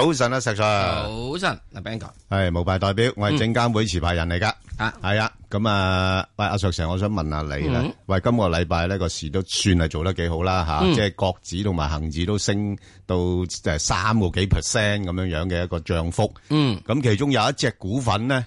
早晨啊，石 Sir。早晨，阿 Ben 哥。係無牌代表，我係證監會持牌人嚟噶、嗯嗯。啊，係啊，咁啊，喂，阿石 Sir，我想問下你咧。嗯、喂，今個禮拜呢個市都算係做得幾好啦吓，啊嗯、即係國指同埋恒指都升到誒三個幾 percent 咁樣樣嘅一個漲幅。嗯。咁其中有一隻股份咧，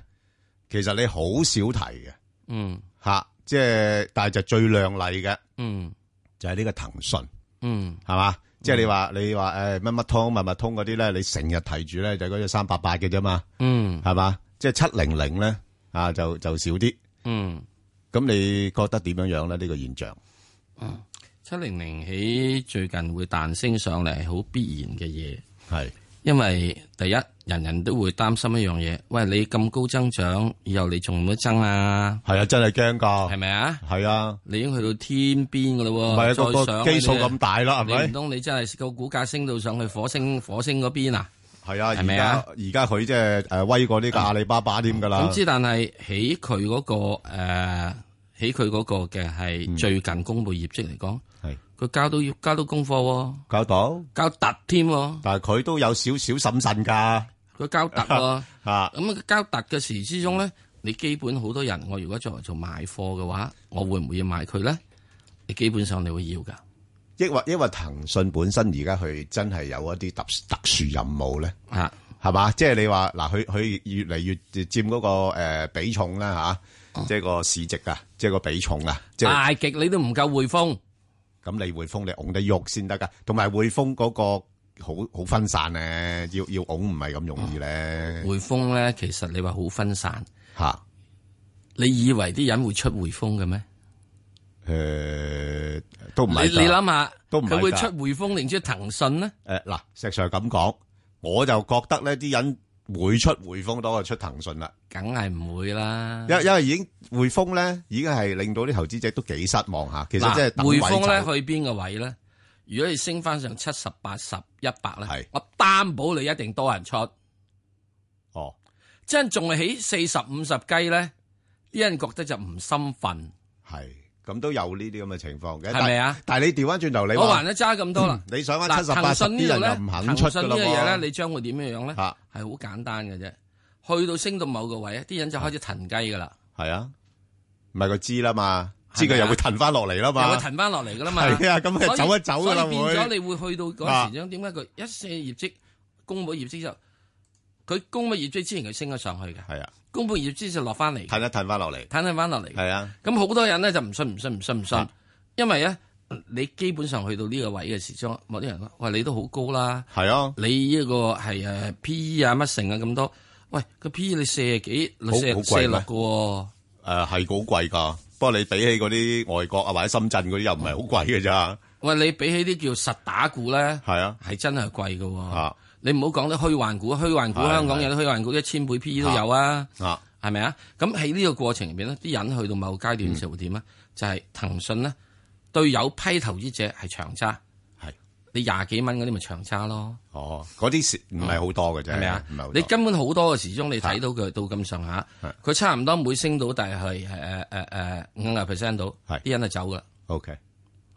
其實你好少提嘅。嗯。吓、啊，即係但係就最靚麗嘅。嗯。就係呢個騰訊。嗯。係嘛？即係你話你話誒乜乜通乜乜通嗰啲咧，你成日、欸、提住咧就嗰隻三八八嘅啫嘛，嗯，係嘛，即係七零零咧啊就就少啲，嗯，咁你覺得點樣樣咧呢、這個現象？嗯，七零零起最近會彈升上嚟，好必然嘅嘢，係是，因為第一。人人都會擔心一樣嘢，喂，你咁高增長，以後你仲唔會增啊？係啊，真係驚噶，係咪啊？係啊，你已經去到天邊噶啦，再上個基數咁大啦，係咪？唔通你真係個股價升到上去火星火星嗰邊啊？係啊，係咪啊？而家佢即係誒威過呢個阿里巴巴添噶啦。咁之但係喺佢嗰個誒喺佢嗰個嘅係最近公布業績嚟講，係佢交到要交到功課，交到交突添，但係佢都有少少審慎噶。佢交特喎，咁啊 交特嘅時之中咧，嗯、你基本好多人，我如果作為做買貨嘅話，我會唔會要買佢咧？你基本上你會要噶，抑或因為騰訊本身而家佢真係有一啲特特殊任務咧、啊那個呃？啊，係嘛、嗯？即係你話嗱，佢佢越嚟越佔嗰個誒比重啦，吓，即係個市值啊，即係個比重啊，大極你都唔夠匯豐，咁你匯豐你戇得肉先得噶，同埋匯豐嗰個。好好分散咧、啊，要要唔係咁容易咧、啊。匯豐咧，其實你話好分散吓，哈你以為啲人會出匯豐嘅咩？誒、呃，都唔係。你你諗下，都唔係。佢會出匯豐，定出騰訊咧？誒，嗱，石尚係咁講，我就覺得呢啲人出匯豐出當會出匯豐多過出騰訊啦。梗係唔會啦。因因為已經匯豐咧，已經係令到啲投資者都幾失望吓。其實即係匯豐咧，去邊個位咧？如果你升翻上七十八十一百咧，係我擔保你一定多人出，哦，即係仲係起四十五十雞咧，啲人覺得就唔心奮，係咁都有呢啲咁嘅情況嘅，係咪啊？但係你調翻轉頭你我還得揸咁多啦，你想翻七十八十啲人唔肯出嘅啦，呢樣嘢咧你將會點樣樣咧？係好簡單嘅啫，去到升到某個位啊，啲人就開始騰雞噶啦，係啊，唔咪個知啦嘛。知佢又會騰翻落嚟啦嘛，又會騰翻落嚟噶啦嘛。係啊，咁走一走啦。變咗，你會去到嗰陣時點解佢一四業績公布業績就佢公布業績之前佢升咗上去嘅，係啊，公布業績就落翻嚟，騰一騰翻落嚟，騰一騰翻落嚟係啊。咁好多人咧就唔信唔信唔信唔信，信信信啊、因為咧、啊、你基本上去到呢個位嘅時候，張某啲人話、哎、你都好高啦，係啊，你呢、這個係誒、uh, P E 啊乜成啊咁多，喂個 P E 你四廿幾六四四六嘅，誒係好貴噶。不過你比起嗰啲外國啊或者深圳嗰啲又唔係好貴嘅咋？喂，你比起啲叫實打股咧，係啊，係真係貴㗎。吓、啊，你唔好講啲虛幻股，虛幻股香港有啲虛幻股一千倍 P/E 都有啊，係咪啊？咁喺呢個過程入邊呢，啲人去到某個階段嘅時候會點啊？嗯、就係騰訊呢，對有批投資者係長揸。你廿幾蚊嗰啲咪長揸咯？哦，嗰啲時唔係好多嘅啫。係咪啊？唔係。你根本好多嘅時鐘，你睇到佢到咁上下，佢差唔多每升到，但係誒誒誒誒五啊 percent 到，係啲人就走嘅。OK，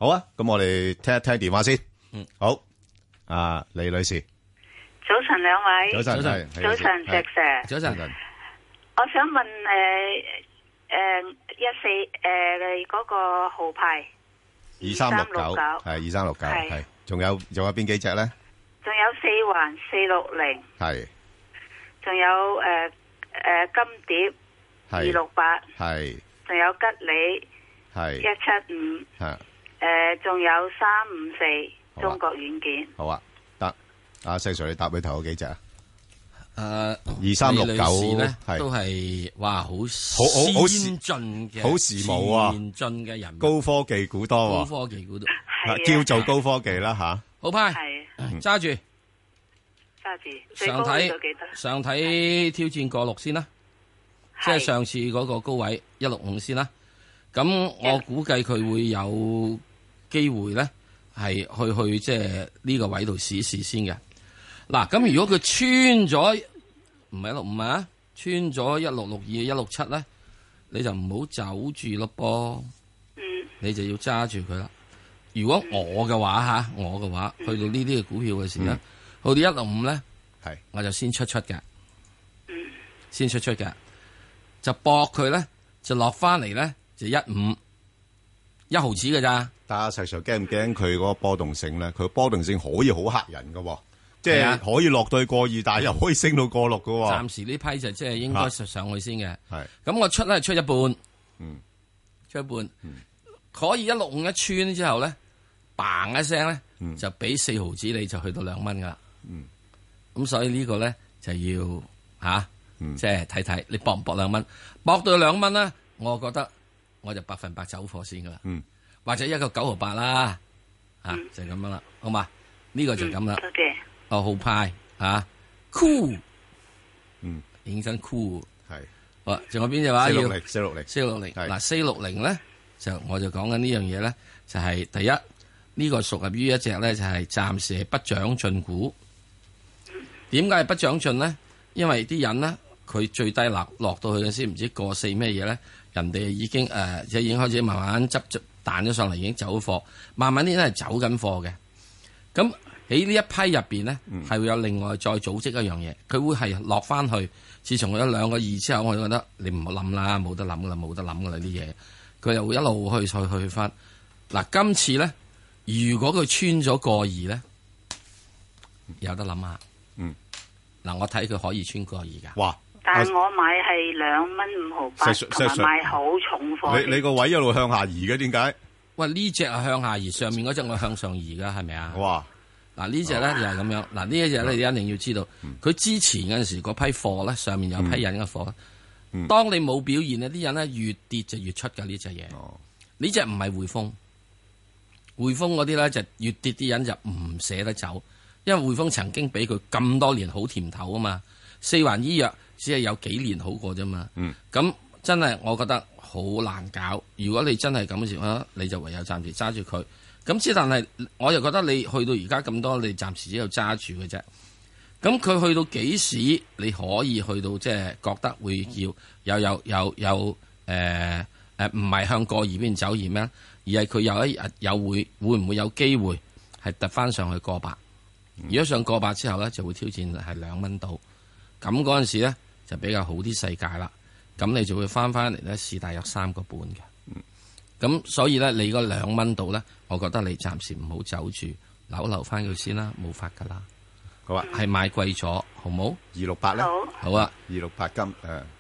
好啊，咁我哋聽一聽電話先。嗯，好。啊，李女士，早晨，兩位。早晨，早晨，早晨，Jackson。早晨。我想問誒誒一四誒嗰個號牌。二三六九係，二三六九係。仲有仲有邊幾隻咧？仲有四環四六零，係，仲有誒誒、呃、金蝶，係二六八，係，仲有吉利，係一七五，吓，誒仲有三五四中國軟件好、啊，好啊，得，阿、啊、細 Sir 你答俾頭嗰幾隻啊。誒，二三六九咧，是都係哇，好好先進嘅，好時髦啊，先進嘅人，高科技股多啊，高科技股都、啊，叫、啊、做高科技啦，吓、啊，啊、好派，揸住、啊，揸住著，上睇上睇挑戰過六先啦，啊、即係上次嗰個高位一六五先啦，咁我估計佢會有機會咧，係去去即係呢個位度試試先嘅。嗱，咁如果佢穿咗唔係一六五啊，穿咗一六六二、一六七咧，你就唔好走住咯，波，你就要揸住佢啦。如果我嘅話吓，我嘅話去到呢啲嘅股票嘅時咧，去到一六五咧，係是我就先出出嘅，先出出嘅，就搏佢咧，就落翻嚟咧就一五一毫子㗎咋？但係阿 s i 驚唔驚佢嗰個波動性咧？佢波動性可以好吓人㗎。即係可以落到去過二，但係又可以升到過六噶喎。暫時呢批就即係應該上去先嘅。係。咁我出咧出一半。嗯。出一半。可以一六五一穿之後咧，嘭一聲咧，就俾四毫子你就去到兩蚊噶啦。嗯。咁所以呢個咧就要吓，即係睇睇你搏唔搏兩蚊，搏到兩蚊咧，我覺得我就百分百走貨先噶啦。嗯。或者一個九毫八啦。嗯。吓，就咁樣啦。好嘛，呢個就咁啦。哦，酷派吓，cool，嗯，影真 cool，係，好是，仲有邊隻話？四六零，四六零，四六零，嗱要四六零咧是，就我就講緊呢樣嘢咧，就係、是、第一、這個、屬於一呢個屬於於一隻咧，就係、是、暫時係不長進股。點解係不長進咧？因為啲人呢，佢最低落落到去嗰時唔知過四咩嘢咧，人哋已經誒、呃，即係已經開始慢慢執着彈咗上嚟，已經走貨，慢慢啲都係走緊貨嘅，咁。喺呢一批入邊呢，係、嗯、會有另外再組織一樣嘢，佢會係落翻去。自從佢有兩個二之後，我就覺得你唔好諗啦，冇得諗啦，冇得諗噶啦啲嘢。佢又會一路去去去翻。嗱、啊，今次呢，如果佢穿咗個二呢，有得諗下。嗯，嗱、啊，我睇佢可以穿個二噶。哇！但係我買係兩蚊五毫八，同買好重貨你。你你個位一路向下移嘅，點解？喂，呢隻係向下移，上面嗰隻係向上移噶，係咪啊？哇！嗱，呢隻咧就係咁樣，嗱，呢一隻咧你一定要知道，佢、嗯、之前嗰陣時嗰批貨咧，上面有批人嘅貨，嗯、當你冇表現呢，啲人咧越跌就越出嘅呢隻嘢。呢隻唔係匯豐，匯豐嗰啲咧就越跌啲人就唔捨得走，因為匯豐曾經俾佢咁多年好甜頭啊嘛。四環醫藥只係有幾年好過啫嘛。咁、嗯、真係我覺得好難搞。如果你真係咁嘅情況，你就唯有暫時揸住佢。咁之，但係我又覺得你去到而家咁多，你暫時只有揸住嘅啫。咁佢去到幾時，你可以去到即係覺得會要有有有有誒誒，唔係向過二邊走而咩？而係佢有一日有會會唔會有機會係突翻上去過百？如果上過百之後咧，就會挑戰係兩蚊到。咁嗰陣時咧就比較好啲世界啦。咁你就會翻翻嚟咧試大約三個半嘅。咁所以咧，你嗰兩蚊度咧，我覺得你暫時唔好走住，扭留翻佢先啦，冇法噶啦。好啊，係買貴咗，好冇？二六八咧，好啊，二六八金，誒誒，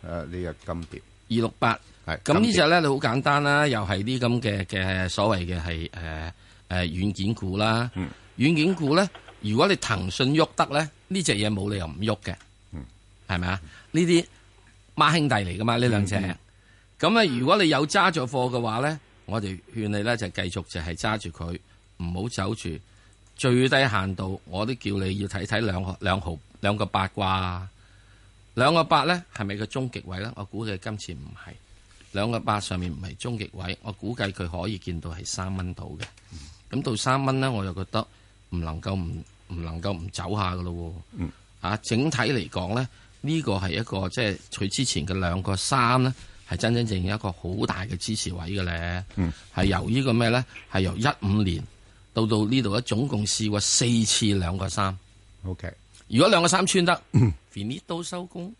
呢個金蝶，二六八係。咁呢隻咧，你好簡單啦，又係啲咁嘅嘅所謂嘅係誒誒軟件股啦。嗯。軟件股咧，如果你騰訊喐得咧，呢隻嘢冇理由唔喐嘅。嗯。係咪啊？呢啲孖兄弟嚟噶嘛？呢兩隻。咁咧，如果你有揸咗貨嘅話咧。我哋勸你咧就繼續就係揸住佢，唔好走住。最低限度，我都叫你要睇睇兩兩毫兩個八卦、啊。兩個八咧係咪個終極位咧？我估佢今次唔係兩個八上面唔係終極位，我估計佢可以見到係三蚊到嘅。咁到三蚊咧，我又覺得唔能夠唔唔能夠唔走下噶咯喎。嗯、整體嚟講咧，呢、呢個係一個即係佢之前嘅兩個三咧。係真真正正一個好大嘅支持位嘅咧，係、嗯、由個呢個咩咧？係由一五年到到呢度咧，總共試過四次兩個三。OK，如果兩個三穿得 f i 都收工。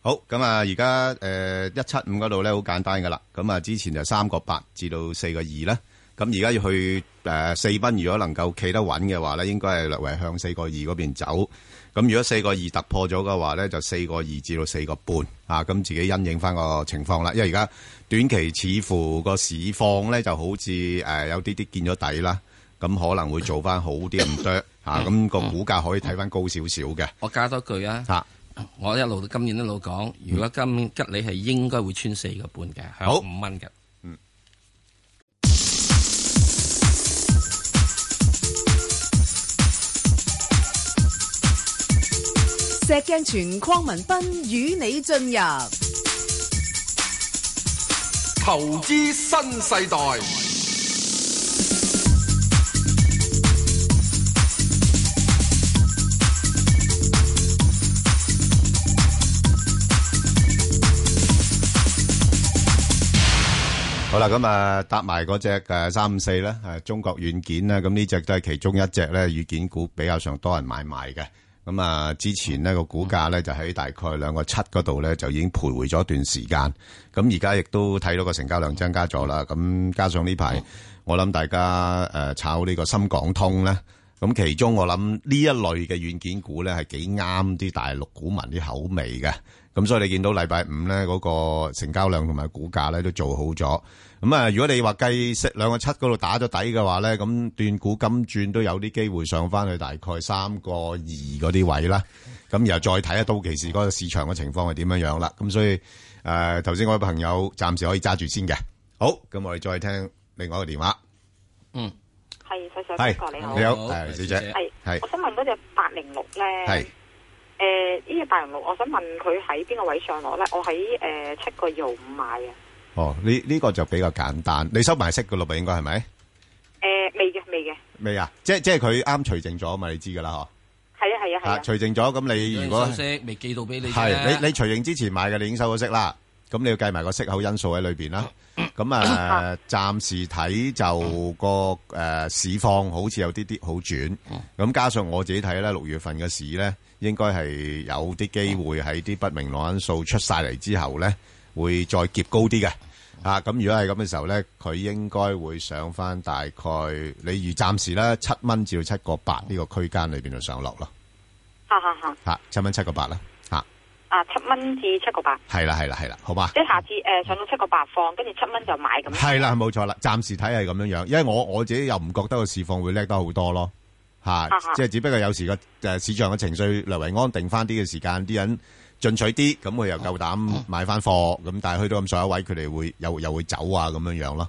好，咁啊，而家誒一七五嗰度咧，好簡單嘅啦。咁啊，之前就三個八至到四個二啦。咁而家要去誒、呃、四蚊，如果能夠企得穩嘅話咧，應該係略為向四個二嗰邊走。咁如果四個二突破咗嘅話咧，就四個二至到四個半啊，咁自己因應翻個情況啦。因為而家短期似乎個市況咧就好似誒、呃、有啲啲見咗底啦，咁、啊、可能會做翻好啲咁多嚇，咁個股價可以睇翻高少少嘅。我加多句啊，啊我一路到今年一路講，如果今年吉你係應該會穿四個半嘅，好，五蚊嘅。石鏡泉鄺文斌與你進入投資新世代。世代好啦，咁啊搭埋嗰隻誒三五四啦，係、啊、中國軟件啦。咁呢隻都係其中一隻咧，軟件股比較上多人買賣嘅。咁啊，之前咧個股價咧就喺大概兩個七嗰度咧，就已經徘徊咗一段時間。咁而家亦都睇到個成交量增加咗啦。咁加上呢排，我諗大家誒炒呢個深港通咧，咁其中我諗呢一類嘅軟件股咧係幾啱啲大陸股民啲口味嘅。咁所以你見到禮拜五咧嗰個成交量同埋股價咧都做好咗。咁啊，如果你話計息兩個七嗰度打咗底嘅話咧，咁斷股金轉都有啲機會上翻去大概三個二嗰啲位啦。咁然後再睇下到期時嗰個市場嘅情況係點樣樣啦。咁所以誒，頭先嗰位朋友暫時可以揸住先嘅。好，咁我哋再聽另外一個電話。嗯，係細細個你好，你好，係小姐，係，我想問嗰隻八零六咧，誒，呢隻八零六，我想問佢喺邊個位上落咧？我喺誒七個油五買嘅。哦，呢呢個就比較簡單。你收埋息嘅咯，咪應該係咪？誒，未嘅，未嘅。未啊？即即係佢啱除淨咗嘛？你知噶啦嗬。係啊係啊係啊。除淨咗，咁你如果息未寄到俾你。係，你你除淨之前買嘅，你已經收咗息啦。咁你要計埋個息口因素喺裏邊啦。咁啊，暫時睇就個誒市況好似有啲啲好轉。咁加上我自己睇咧，六月份嘅市咧，應該係有啲機會喺啲不明朗因素出晒嚟之後咧，會再劫高啲嘅。啊，咁如果係咁嘅時候咧，佢應該會上翻大概，你如暫時咧七蚊至到七個八呢個區間裏邊就上落咯。吓吓吓吓，七蚊七個八啦，吓啊七蚊至七個八，係啦係啦係啦，好嘛？即係下次誒上到七個八放，跟住七蚊就買咁樣。係啦，冇錯啦，暫時睇係咁樣樣，因為我我自己又唔覺得個市況會叻多好多咯。吓、啊，即係、啊、只不過有時個誒、呃、市場嘅情緒略為安定翻啲嘅時間，啲人。進取啲，咁佢又夠膽買翻貨，咁、啊啊、但係去到咁上一位，佢哋會又又會走啊，咁樣樣咯。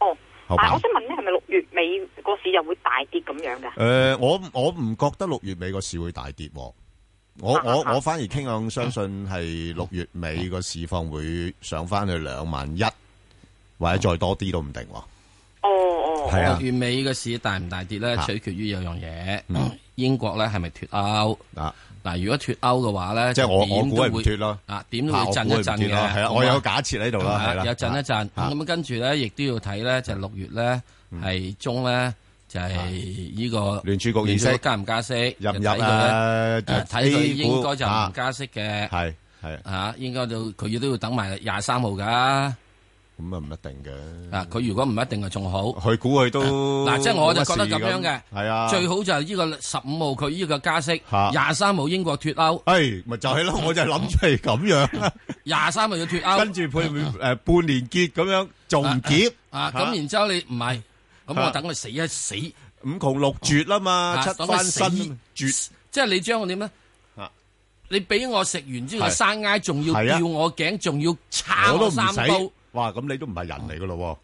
哦，但係我想問咧，係咪六月尾個市又會大跌咁樣噶？誒，我我唔覺得六月尾個市會大跌，我、啊啊、我我反而傾向相信係六月尾個市況會上翻去兩萬一，或者再多啲都唔定。哦哦，係、哦、啊。六月尾個市大唔大跌咧，取決於有樣嘢，啊啊、英國咧係咪脱歐啊？嗱，如果脱歐嘅話咧，點都會脱咯。啊，點都會震一震嘅。係啊，我有假設喺度啦，有震一震。咁跟住咧，亦都要睇咧，就六月咧係中咧就係呢個聯儲局議息加唔加息。入入啊，睇佢應該就唔加息嘅。係係啊，應該就佢亦都要等埋廿三號噶。咁啊，唔一定嘅。嗱，佢如果唔一定啊，仲好。佢估佢都嗱，即係我就覺得咁樣嘅。係啊，最好就係呢個十五號佢呢個加息，廿三號英國脫歐。係，咪就係咯？我就係諗出嚟，咁樣。廿三號要脫歐，跟住佢誒半年結咁樣仲唔結啊？咁然之後你唔係，咁我等佢死一死，五窮六絕啦嘛，七翻身，等佢死絕。即係你將我點咧？你俾我食完之後，生挨仲要吊我頸，仲要抄我三刀。 哇！咁你都唔係人嚟噶咯？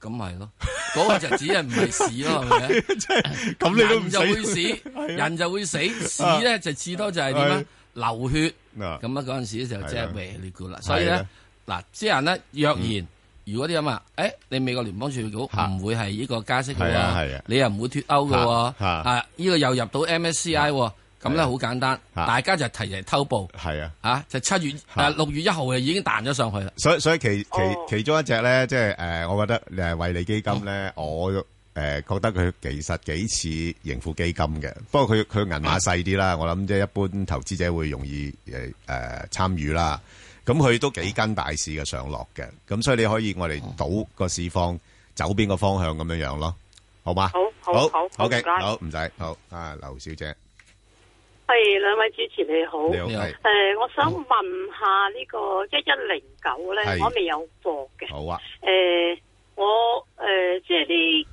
咁咪咯，嗰、就係嗰個就只係唔係屎咯，係咪？咁你都唔會死，屎人就會死，屎咧、啊、就至 是多就係點樣流血。咁啊嗰陣、啊、時就即係咩嚟噶啦？所以咧嗱，啲人咧若然如果啲咁啊，誒你美國聯邦儲備局唔會係呢個加息噶喎，啊啊啊啊、你又唔會脱歐噶喎，呢、啊啊啊啊這個又入到 MSCI 咁咧好簡單，啊、大家就提人偷步係啊，吓、啊、就七月六、啊、月一號就已經彈咗上去啦。所以所以其、哦、其其中一隻咧，即係誒，我覺得誒衛、呃、利基金咧，哦、我誒、呃、覺得佢其實幾似盈富基金嘅，不過佢佢銀碼細啲啦。我諗即係一般投資者會容易誒誒、呃、參與啦。咁佢都幾跟大市嘅上落嘅，咁所以你可以我哋賭個市況走邊個方向咁樣樣咯，好嗎？好好好，O K，好唔使好，好，好啊，劉小姐。係兩位主持好，你好，你好，誒，我想問下個呢個一一零九咧，是我未有貨嘅，好啊，誒、呃，我誒、呃，即係啲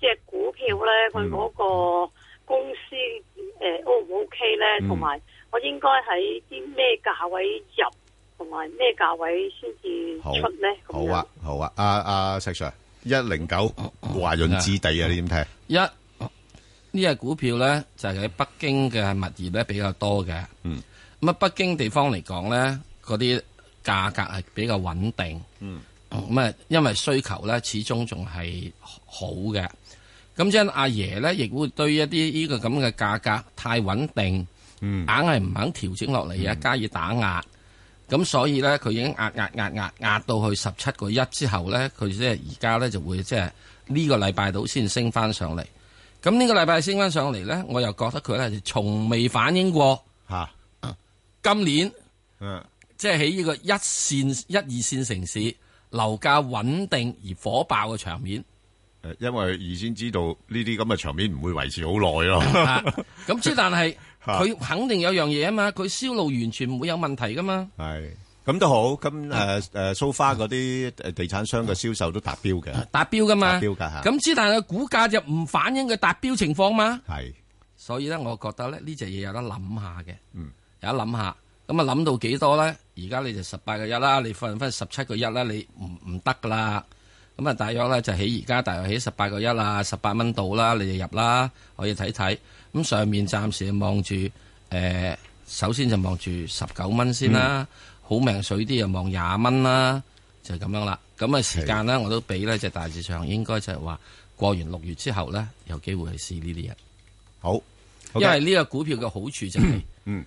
隻股票咧，佢嗰、嗯、個公司誒 O 唔 OK 咧，同埋、嗯、我應該喺啲咩價位入，同埋咩價位先至出咧？好，樣好啊，好啊，阿阿石 Sir，一零九華潤置地啊，你點睇？一。Yeah. 呢一隻股票咧，就喺、係、北京嘅物業咧比較多嘅。嗯，咁啊，北京地方嚟講咧，嗰啲價格係比較穩定。嗯，咁啊，因為需求咧始終仲係好嘅。咁即阿爺咧，亦會對一啲呢、這個咁嘅價格太穩定，硬係唔肯調整落嚟，而加以打壓。咁、嗯、所以咧，佢已經壓壓壓壓壓到去十七個一之後咧，佢即係而家咧就會即係呢、這個禮拜度先升翻上嚟。咁呢個禮拜升翻上嚟呢，我又覺得佢呢就從未反映過吓。今年、啊啊、即係喺呢個一線、一二線城市樓價穩定而火爆嘅場面。因為而先知道呢啲咁嘅場面唔會維持好耐咯。咁即、啊、 但係佢肯定有樣嘢啊嘛，佢銷路完全唔會有問題㗎嘛。係。咁都好，咁誒誒蘇花嗰啲誒地產商嘅銷售都達標嘅，嗯，達標㗎嘛？達標㗎吓。咁之、嗯、但係股價就唔反映佢達標情況嘛？係是，所以咧，我覺得咧呢隻嘢、這個、有得諗下嘅，嗯、有得諗下。咁啊諗到幾多咧？而家你就十八個一啦，你分翻十七個一啦，你唔唔得㗎啦。咁啊，大約咧就起而家大約起十八個一啦，十八蚊到啦，你就入啦。可以睇睇，咁上面暫時望住誒，首先就望住十九蚊先啦。嗯好命水啲又望廿蚊啦，就咁、係、樣啦。咁啊時間咧，的我都俾咧就大致上應該就係話過完六月之後咧，有機會去試呢啲嘢。好，okay、因為呢個股票嘅好處就係、是，嗯，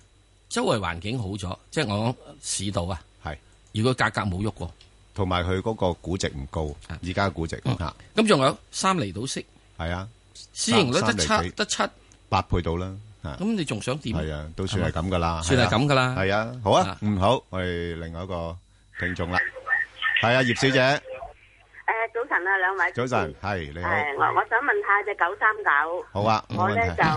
周圍環境好咗，即係我講市道啊，係、嗯。如果價格冇喐過，同埋佢嗰個估值唔高，而家估值吓。咁仲的、嗯、有三厘到息，係啊，市盈率得七，得七八倍到啦。咁你仲想點？係啊，都算係咁噶啦，算係咁噶啦。係啊，好啊，嗯，好，我哋另外一個聽眾啦，係啊，葉小姐。誒，早晨啊，兩位。早晨，係你好。我我想問下隻九三九，好啊，冇問題。我咧就誒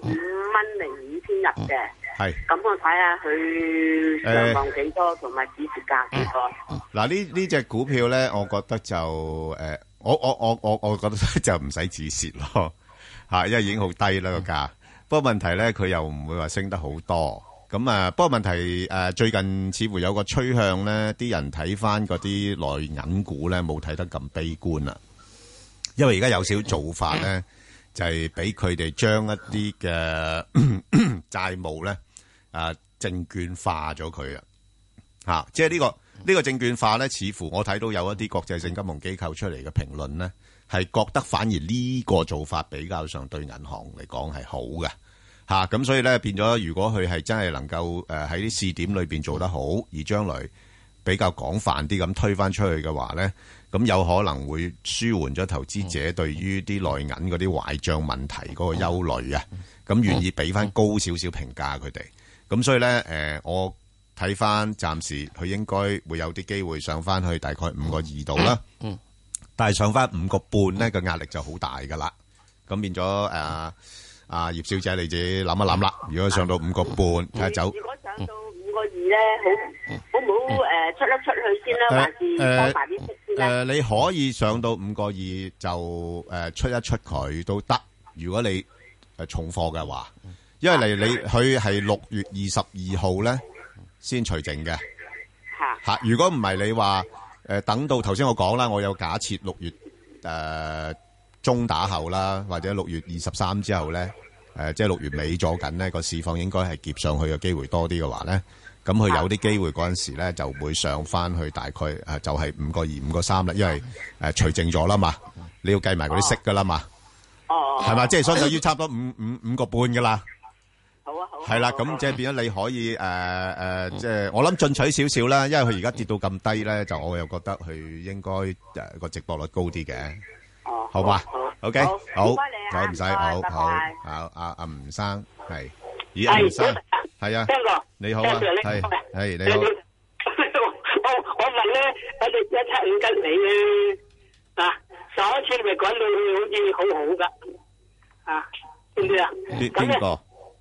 五蚊零五先入嘅，係咁我睇下佢上望幾多，同埋止蝕價幾多。嗱，呢呢隻股票咧，我覺得就誒，我我我我我覺得就唔使止蝕咯，吓，因為已經好低啦個價。不過問題咧，佢又唔會話升得好多咁啊！不過問題誒、呃，最近似乎有個趨向咧，啲人睇返嗰啲內銀股咧，冇睇得咁悲觀啦。因為而家有少少做法咧，就係俾佢哋將一啲嘅債務咧，誒、呃，證券化咗佢啊！吓、這個，即係呢個呢個證券化咧，似乎我睇到有一啲國際性金融機構出嚟嘅評論咧，係覺得反而呢個做法比較上對銀行嚟講係好嘅，嚇、啊、咁所以呢，變咗，如果佢係真係能夠誒喺啲試點裏邊做得好，而將來比較廣泛啲咁推返出去嘅話呢，咁有可能會舒緩咗投資者對於啲內銀嗰啲壞帳問題嗰個憂慮、嗯嗯、啊，咁願意俾返高少少評價佢哋。咁、嗯嗯、所以呢，誒、呃，我睇返暫時佢應該會有啲機會上返去大概五個二度啦。嗯嗯嗯。但係上翻五個半咧個壓力就好大噶啦，咁變咗誒，阿、呃、葉、啊、小姐你自己諗一諗啦。如果上到五個半，走、嗯。如果上到五個二咧，好，好唔好？誒、嗯，呃、出一出，出去先啦，還是放啲誒，你可以上到五個二就誒、呃、出一出佢都得。如果你誒重貨嘅話，因為嚟你佢係六月二十二號咧先除剩嘅，吓、啊啊啊，如果唔係你話。誒，等到頭先我講啦，我有假設六月誒中打後啦，或者六月二十三之後咧，誒即係六月尾咗緊咧個市況應該係夾上去嘅機會多啲嘅話咧，咁佢有啲機會嗰陣時咧就會上翻去大概誒就係五個二五個三啦，因為誒除淨咗啦嘛，你要計埋嗰啲息噶啦嘛，係嘛，即係相等於差唔多五五五個半噶啦。係啦，咁即係變咗你可以誒誒，即係我諗進取少少啦，因為佢而家跌到咁低咧，就我又覺得佢應該誒個直播率高啲嘅，好吧，好 OK，好，唔該你啊，好，拜拜。阿阿阿吳生係，咦，吳生係啊，聽過，你好啊，係，係你好。我我問咧，我哋一七五斤尾啊，上一次咪講到佢好似好好噶，啊，啲咩啊？邊個？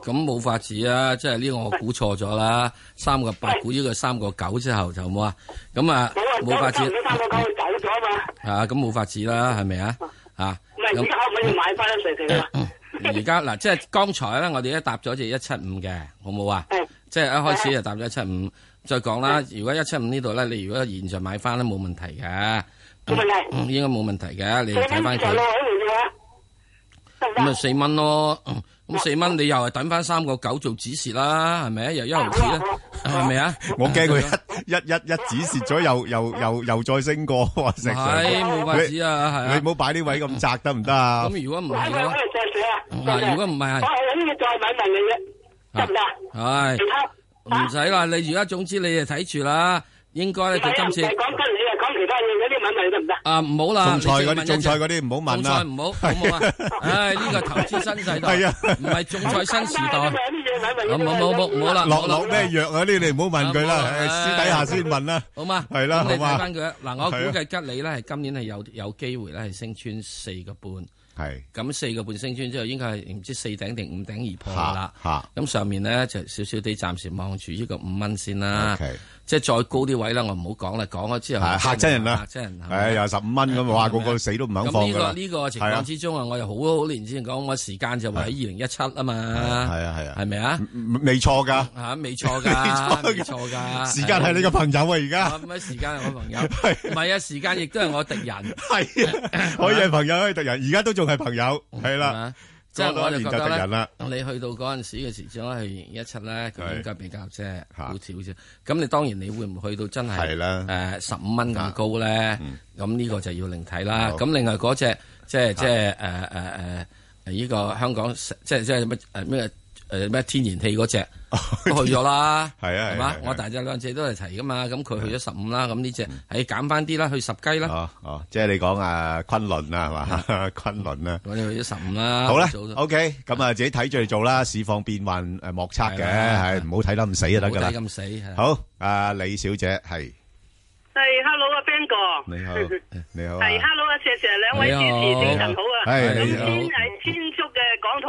咁冇法子啊！即係呢個我估錯咗啦，三個八估呢個三個九之後就冇啊。咁啊冇法子。三個九走咗嘛？啊，咁冇法子啦，係咪啊？啊，唔係而家可以買翻一成成啊？而家嗱，即係剛才咧，我哋一搭咗隻一七五嘅，好冇啊？即係一開始就搭咗一七五，再講啦。如果一七五呢度咧，你如果現場買翻咧冇問題嘅，冇問題，應該冇問題嘅。你睇翻佢。咁啊，四蚊咯。咁四蚊，你又係等翻三個九做止蝕啦，係咪？又一毫紙啦，係咪啊？我驚佢一一一一止蝕咗，又又又又再升過，我食唔係冇法子啊！係你唔好擺呢位咁窄得唔得啊？咁如果唔係，如果唔係啊，我呢個就係禮物嚟嘅，得唔得？係其他唔使啦，你而家總之你哋睇住啦，應該呢隻今次。得唔得？啊，唔好啦！種菜嗰啲，種菜嗰啲唔好問啦。種菜唔好，好嘛？唉，呢個投資新世代，唔係種菜新時代。唔好唔好唔好啦！落落咩藥啊？呢啲你唔好問佢啦，私底下先問啦。好嘛？係啦，好嘛？嗱，我估計吉利咧，係今年係有有機會咧，係升穿四個半。係咁四個半升穿之後，應該係唔知四頂定五頂而破啦。吓，咁上面咧就少少啲，暫時望住呢個五蚊先啦。即係再高啲位啦，我唔好講啦，講咗之後吓真人啦，係啊十五蚊咁，話個個死都唔肯放咁，呢個呢個情況之中啊，我又好好多年之前講，我時間就係喺二零一七啊嘛，係啊係啊，係咪啊？未錯噶吓，未錯噶，未錯噶，時間係你嘅朋友啊，而家乜時間係我朋友，唔係啊，時間亦都係我敵人，係啊，可以係朋友可以敵人，而家都仲係朋友，係啦。即係我，我就覺得啦。你去到嗰陣時嘅時裝係二零一七咧，佢應該比較即係，好少少。咁、啊、你當然你會唔會去到真係？係啦、啊。誒十五蚊咁高咧，咁呢、啊嗯、個就要另睇啦。咁、嗯、另外嗰隻即係即係誒誒誒，依、呃呃這個香港即係即係乜誒咩？咩天然氣嗰隻去咗啦，係啊，係嘛，我大隻兩隻都係齊噶嘛，咁佢去咗十五啦，咁呢隻，誒減翻啲啦，去十雞啦，哦，即係你講啊，昆侖啊，係嘛，昆侖啊，我哋去咗十五啦，好啦，OK，咁啊自己睇住去做啦，市況變幻誒莫測嘅，係唔好睇得咁死就得噶啦，好，阿李小姐係係 Hello 啊 Ben 哥，你好，你好，係 Hello 啊 Sir Sir，兩位主持早晨好啊，咁先係先。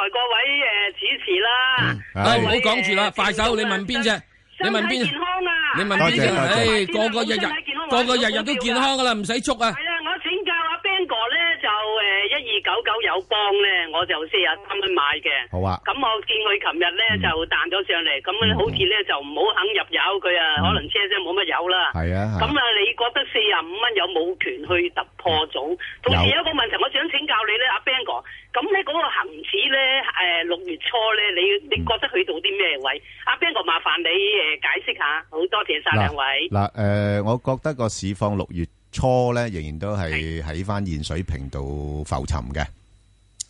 各位誒主、呃、持啦，唔好講住啦，呃、快手你問邊隻？健康啊、你問問邊？你問邊隻？唉、哎，個個日日，個個日日都健康噶啦，唔使捉啊！九九有幫咧，我就四十三蚊買嘅。好啊，咁我見佢琴日咧就彈咗上嚟，咁咧、嗯、好似咧就唔好肯入油、啊，佢啊、嗯、可能車聲冇乜油啦。係啊，咁啊，你覺得四十五蚊有冇權去突破咗？同時、嗯、有一個問題，我想請教你咧，阿 Ben 哥，咁咧嗰個恆指咧，誒、呃、六月初咧，你你覺得去到啲咩位？嗯、阿 Ben 哥，麻煩你誒解釋下，好多謝晒兩位。嗱誒、呃，我覺得個市況六月初咧仍然都係喺翻現水平度浮沉嘅，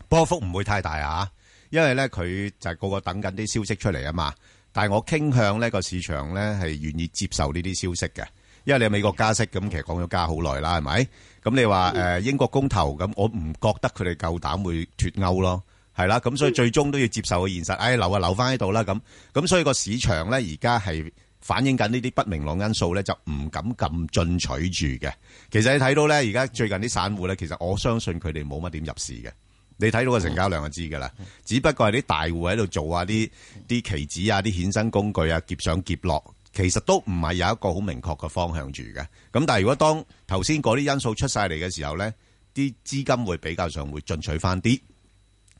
波幅唔會太大啊，因為咧佢就係個個等緊啲消息出嚟啊嘛。但係我傾向呢個市場咧係願意接受呢啲消息嘅，因為你美國加息咁，其實講咗加好耐啦，係咪？咁你話誒英國公投咁，我唔覺得佢哋夠膽會脫歐咯，係啦。咁所以最終都要接受個現實，哎留啊留翻喺度啦咁。咁所以個市場咧而家係反映緊呢啲不明朗因素咧，就唔敢咁進取住嘅。其實你睇到咧，而家最近啲散戶咧，其實我相信佢哋冇乜點入市嘅。你睇到個成交量就知㗎喇。只不過係啲大戶喺度做下啲啲期指啊，啲衍生工具啊，劫上劫落，其實都唔係有一個好明確嘅方向住嘅。咁但係如果當頭先嗰啲因素出晒嚟嘅時候咧，啲資金會比較上會進取返啲。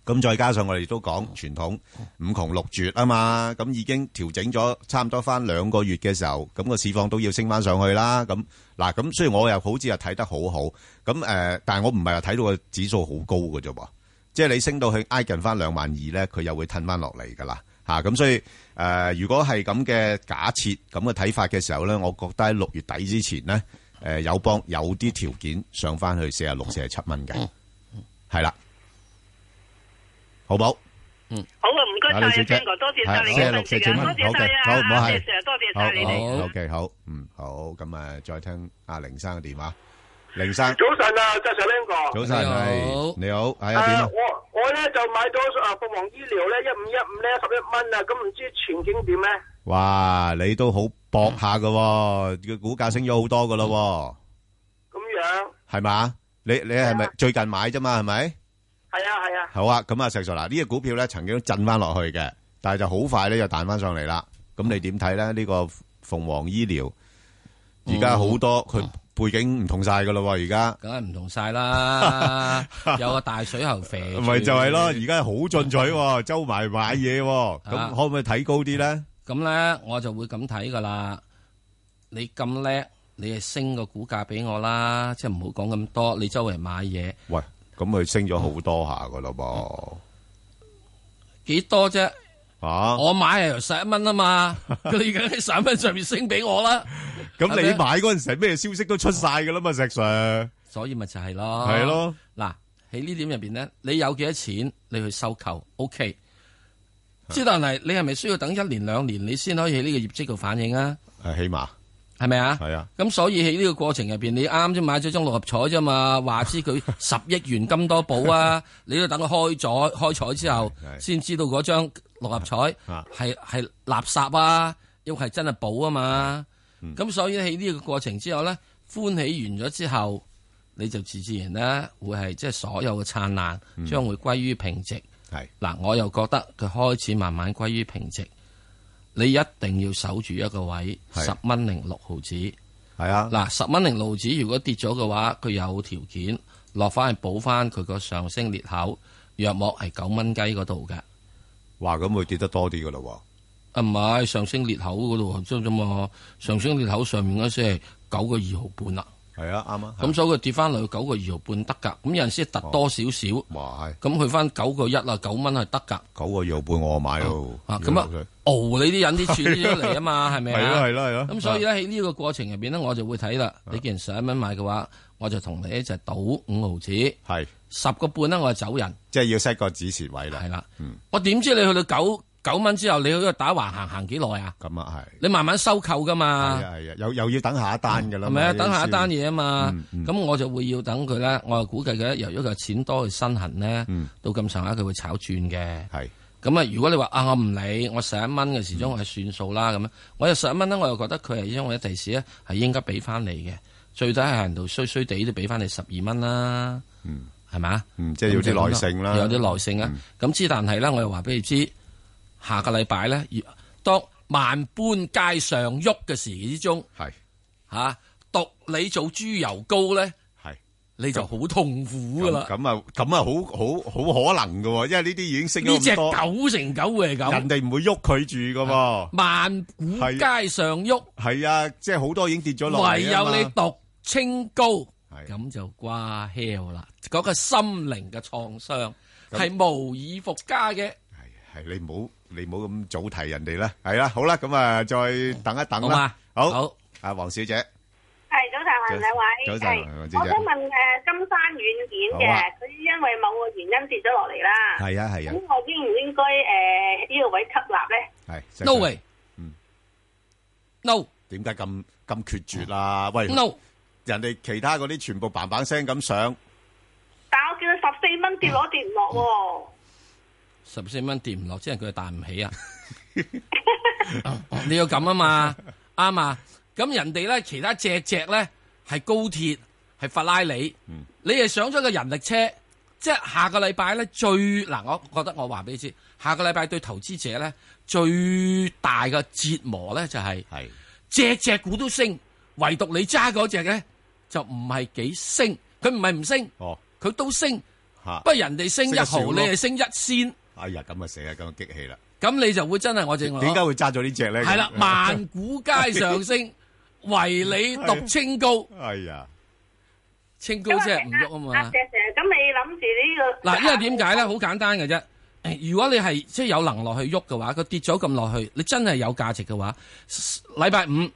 咁再加上我哋都講傳統五窮六絕啊嘛，咁已經調整咗差唔多翻兩個月嘅時候，咁個市況都要升翻上去啦。咁嗱，咁雖然我又好似係睇得好好，咁誒，但係我唔係話睇到個指數好高嘅啫噃，即係你升到去挨近翻兩萬二咧，佢又會褪翻落嚟㗎啦嚇。咁所以誒、呃，如果係咁嘅假設咁嘅睇法嘅時候咧，我覺得喺六月底之前咧，誒友邦有啲條件上翻去四十六、四十七蚊嘅，係啦、嗯。好冇？嗯，好啊，唔該晒，李小姐，多謝晒你嘅支持啊，多謝晒啊，唔好唔好係，多謝晒，多謝晒你哋。好嘅，好，嗯，好，咁啊，再聽阿凌生嘅電話。凌生，早晨啊，陳 Sir，靚哥，早晨，你好，你好，係一點。我我咧就買咗啊鳳凰醫療咧一五一五咧十一蚊啊，咁唔知前景點咧？哇，你都好搏下噶，個股價升咗好多噶咯。咁樣係嘛？你你係咪最近買啫嘛？係咪？係啊係啊，好啊！咁啊，石叔，嗱，呢個股票咧，曾經震翻落去嘅，但係就好快咧，又彈翻上嚟啦。咁你點睇咧？呢個鳳凰醫療而家好多佢背景唔同晒噶咯，而家梗係唔同晒啦，有個大水喉肥，唔係就係咯。而家好進取，周埋買嘢，咁可唔可以睇高啲咧？咁咧，我就會咁睇噶啦。你咁叻，你係升個股價俾我啦，即係唔好講咁多。你周圍買嘢，喂。咁佢升咗好多下噶咯噃，幾多啫？啊，我買係十一蚊啊嘛，佢而家喺十一蚊上面升俾我啦。咁 你買嗰陣時咩消息都出晒噶啦嘛，啊、石 Sir。所以咪就係咯，係咯的。嗱、啊，喺呢點入邊咧，你有幾多錢你去收購？O K。之但係你係咪需要等一年兩年你先可以喺呢個業績度反映啊？係起碼。係咪啊？係啊！咁所以喺呢個過程入邊，你啱先買咗張六合彩啫嘛，話知佢十億元金多寶啊， 你都等佢開咗，開彩之後先是知道嗰張六合彩係係是是是 垃圾啊，因為係真係寶啊嘛。咁是、嗯、所以喺呢個過程之後咧，歡喜完咗之後，你就自然咧會係即係所有嘅燦爛將會歸於平靜。係嗱、嗯，我又覺得佢開始慢慢歸於平靜。你一定要守住一個位，十蚊零六毫子。係啊，嗱，十蚊零六毫子如果跌咗嘅話，佢有條件落翻去補翻佢個上升裂口，約莫係九蚊雞嗰度嘅。哇，咁會跌得多啲嘅喇喎。啊，唔係上升裂口嗰度，即係咁上升裂口上面嗰隻係九個二毫半啦。係啊，啱啊，咁所以佢跌翻落九個二毫半得噶，咁有陣時突多少少，咁去翻九個一啊，九蚊係得噶，九個二毫半我買咯，咁啊，哦，你啲人啲錢嚟啊嘛，係咪啊？係咯，係咯，係咯，咁所以咧喺呢個過程入邊咧，我就會睇啦，你既然十一蚊買嘅話，我就同你一齊賭五毫子，係十個半咧，我就走人，即係要 set 個止蝕位啦，係啦，嗯，我點知你去到九？九蚊之後，你去打橫行行幾耐啊？咁啊係，你慢慢收購噶嘛。係又又要等下一單噶啦。係咪啊？等下一單嘢啊嘛。咁我就會要等佢咧。我估計佢，由於佢錢多嘅身痕咧，到咁上下佢會炒轉嘅。係咁啊！如果你話啊，我唔理，我十一蚊嘅始終我係算數啦。咁，我有十一蚊咧，我又覺得佢係因為提市咧係應該俾翻你嘅，最低係人度衰衰地都俾翻你十二蚊啦。嗯，係嘛？嗯，即係要啲耐性啦。有啲耐性啊。咁之但係咧，我又話俾你知。下個禮拜咧，當萬般皆上喐嘅時之中，係吓獨你做豬油膏咧，係是你就好痛苦噶啦。咁啊，咁啊，好好好可能噶、啊，因為呢啲已經升咗好多。呢隻九成九會係咁，人哋唔會喐佢住噶、啊。萬古皆上喐，係啊，即係好多已經跌咗落。唯有你獨清高，咁是就瓜笑啦。嗰、那個心靈嘅創傷係無以復加嘅。係你唔好你唔好咁早提人哋啦，係啦，好啦，咁啊再等一等好嘛？好，好，阿黃小姐，係早晨，兩位早晨，我想問誒，金山軟件嘅佢因為某個原因跌咗落嚟啦，係啊係啊。咁我應唔應該誒呢個位吸納咧？係，no way，嗯，no，點解咁咁決絕啊？喂，no，人哋其他嗰啲全部嘭嘭聲咁上，但係我見到十四蚊跌落跌唔落喎。十四蚊跌唔落，即係佢係彈唔起啊！ oh, oh, 你要咁啊嘛，啱 嘛。咁、嗯、人哋咧，其他隻隻咧係高鐵，係法拉利，嗯、你係上咗個人力車。即係下個禮拜咧，最嗱，我覺得我話俾你知，下個禮拜對投資者咧，最大嘅折磨咧就係隻隻股都升，唯獨你揸嗰隻咧就唔係幾升。佢唔係唔升，佢、哦、都升，不過人哋升一,一毫，你係升一仙。哎呀咁啊死啊咁激氣啦！咁你就會真係我正話點解會揸咗呢隻咧？係啦，萬古街上升，唯你獨清高。哎呀，清高即係唔喐啊嘛。阿成成，咁你諗住呢個嗱，因為點解咧？好簡單嘅啫。如果你係即係有能落去喐嘅話，佢跌咗咁落去，你真係有價值嘅話，禮拜五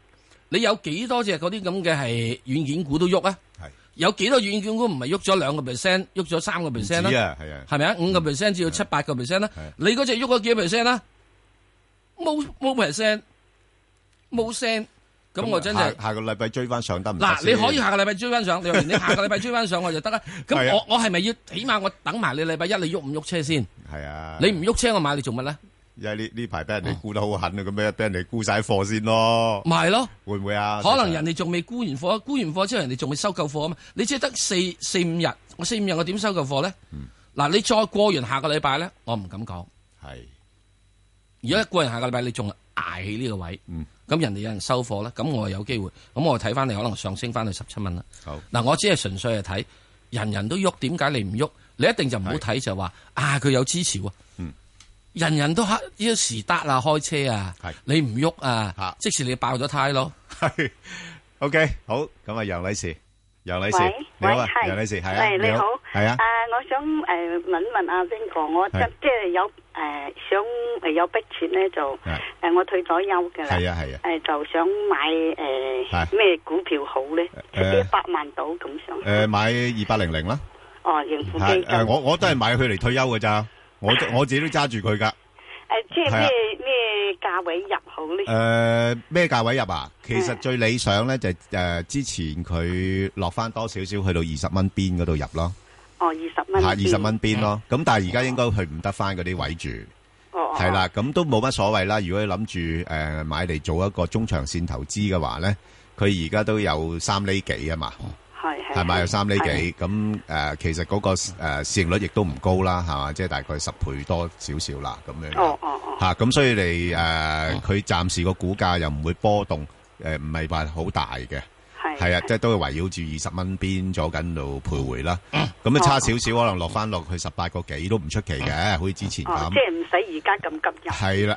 你有幾多隻嗰啲咁嘅係軟件股都喐啊？有幾多軟件股唔係喐咗兩個 percent，喐咗三個 percent 啦，係咪啊？五個 percent 至到七八個 percent 啦，你嗰隻喐咗幾多 percent 啦？冇冇 percent，冇聲，咁我真係下個禮拜追翻上得唔得？嗱，你可以下個禮拜追翻上，你你下個禮拜追翻上我就得啦。咁我我係咪要起碼我等埋你禮拜一你喐唔喐車先？係啊，你唔喐車我買你做乜咧？呢呢排俾人哋沽得好狠啊！咁樣俾人哋沽晒貨先咯，咪係咯？會唔會啊？可能人哋仲未沽完貨，沽完貨之後人哋仲未收夠貨啊嘛！你只係得四四五日，4, 我四五日我點收夠貨咧？嗱、嗯，你再過完下個禮拜咧，我唔敢講。係是，如果一過完下個禮拜你仲挨起呢個位，嗯，咁人哋有人收貨咧，咁我有機會，咁我睇翻嚟可能上升翻去十七蚊啦。嗱好，我只係純粹係睇，人人都喐，點解你唔喐？你一定就唔好睇，是就話啊，佢有支持啊。人人都黑，呢個時得啦，開車啊，你唔喐啊，即使你爆咗胎咯。OK，好，咁啊，楊女士，楊女士，喂，係，楊女士，係啊，你好，係啊，誒，我想誒問一問阿英哥，我即係有誒想誒有筆錢咧，就誒我退咗休噶啦，係啊係啊，誒就想買誒咩股票好咧，即係百萬到咁上，誒買二八零零啦，哦，盈富基金我我都係買佢嚟退休噶咋。 我我自己都揸住佢噶，誒、啊，即係咩咩價位入好呢誒，咩、呃、價位入啊？其實最理想咧就誒、是呃、之前佢落翻多少少去到二十蚊邊嗰度入咯。哦，二十蚊邊。係二十蚊邊咯，咁、嗯、但係而家應該去唔得翻嗰啲位住。哦哦。係啦、啊，咁都冇乜所謂啦。如果你諗住誒買嚟做一個中長線投資嘅話咧，佢而家都有三厘幾啊嘛。嗯係係，係咪有三厘幾？咁誒，的其實嗰個誒市，市盈率亦都唔高啦，係嘛，即係大概十倍多少少啦，咁樣噢。哦哦哦。吓，咁所以你誒，佢、呃、暫噢時個股價又唔會波動，誒，唔係話好大嘅。係。係啊噢，即係都係圍繞住二十蚊邊咗緊度徘徊啦。咁、呃、啊，差少少可能落翻落去十八個幾都唔出奇嘅，好似之前咁。即係唔使而家咁急入。係啦，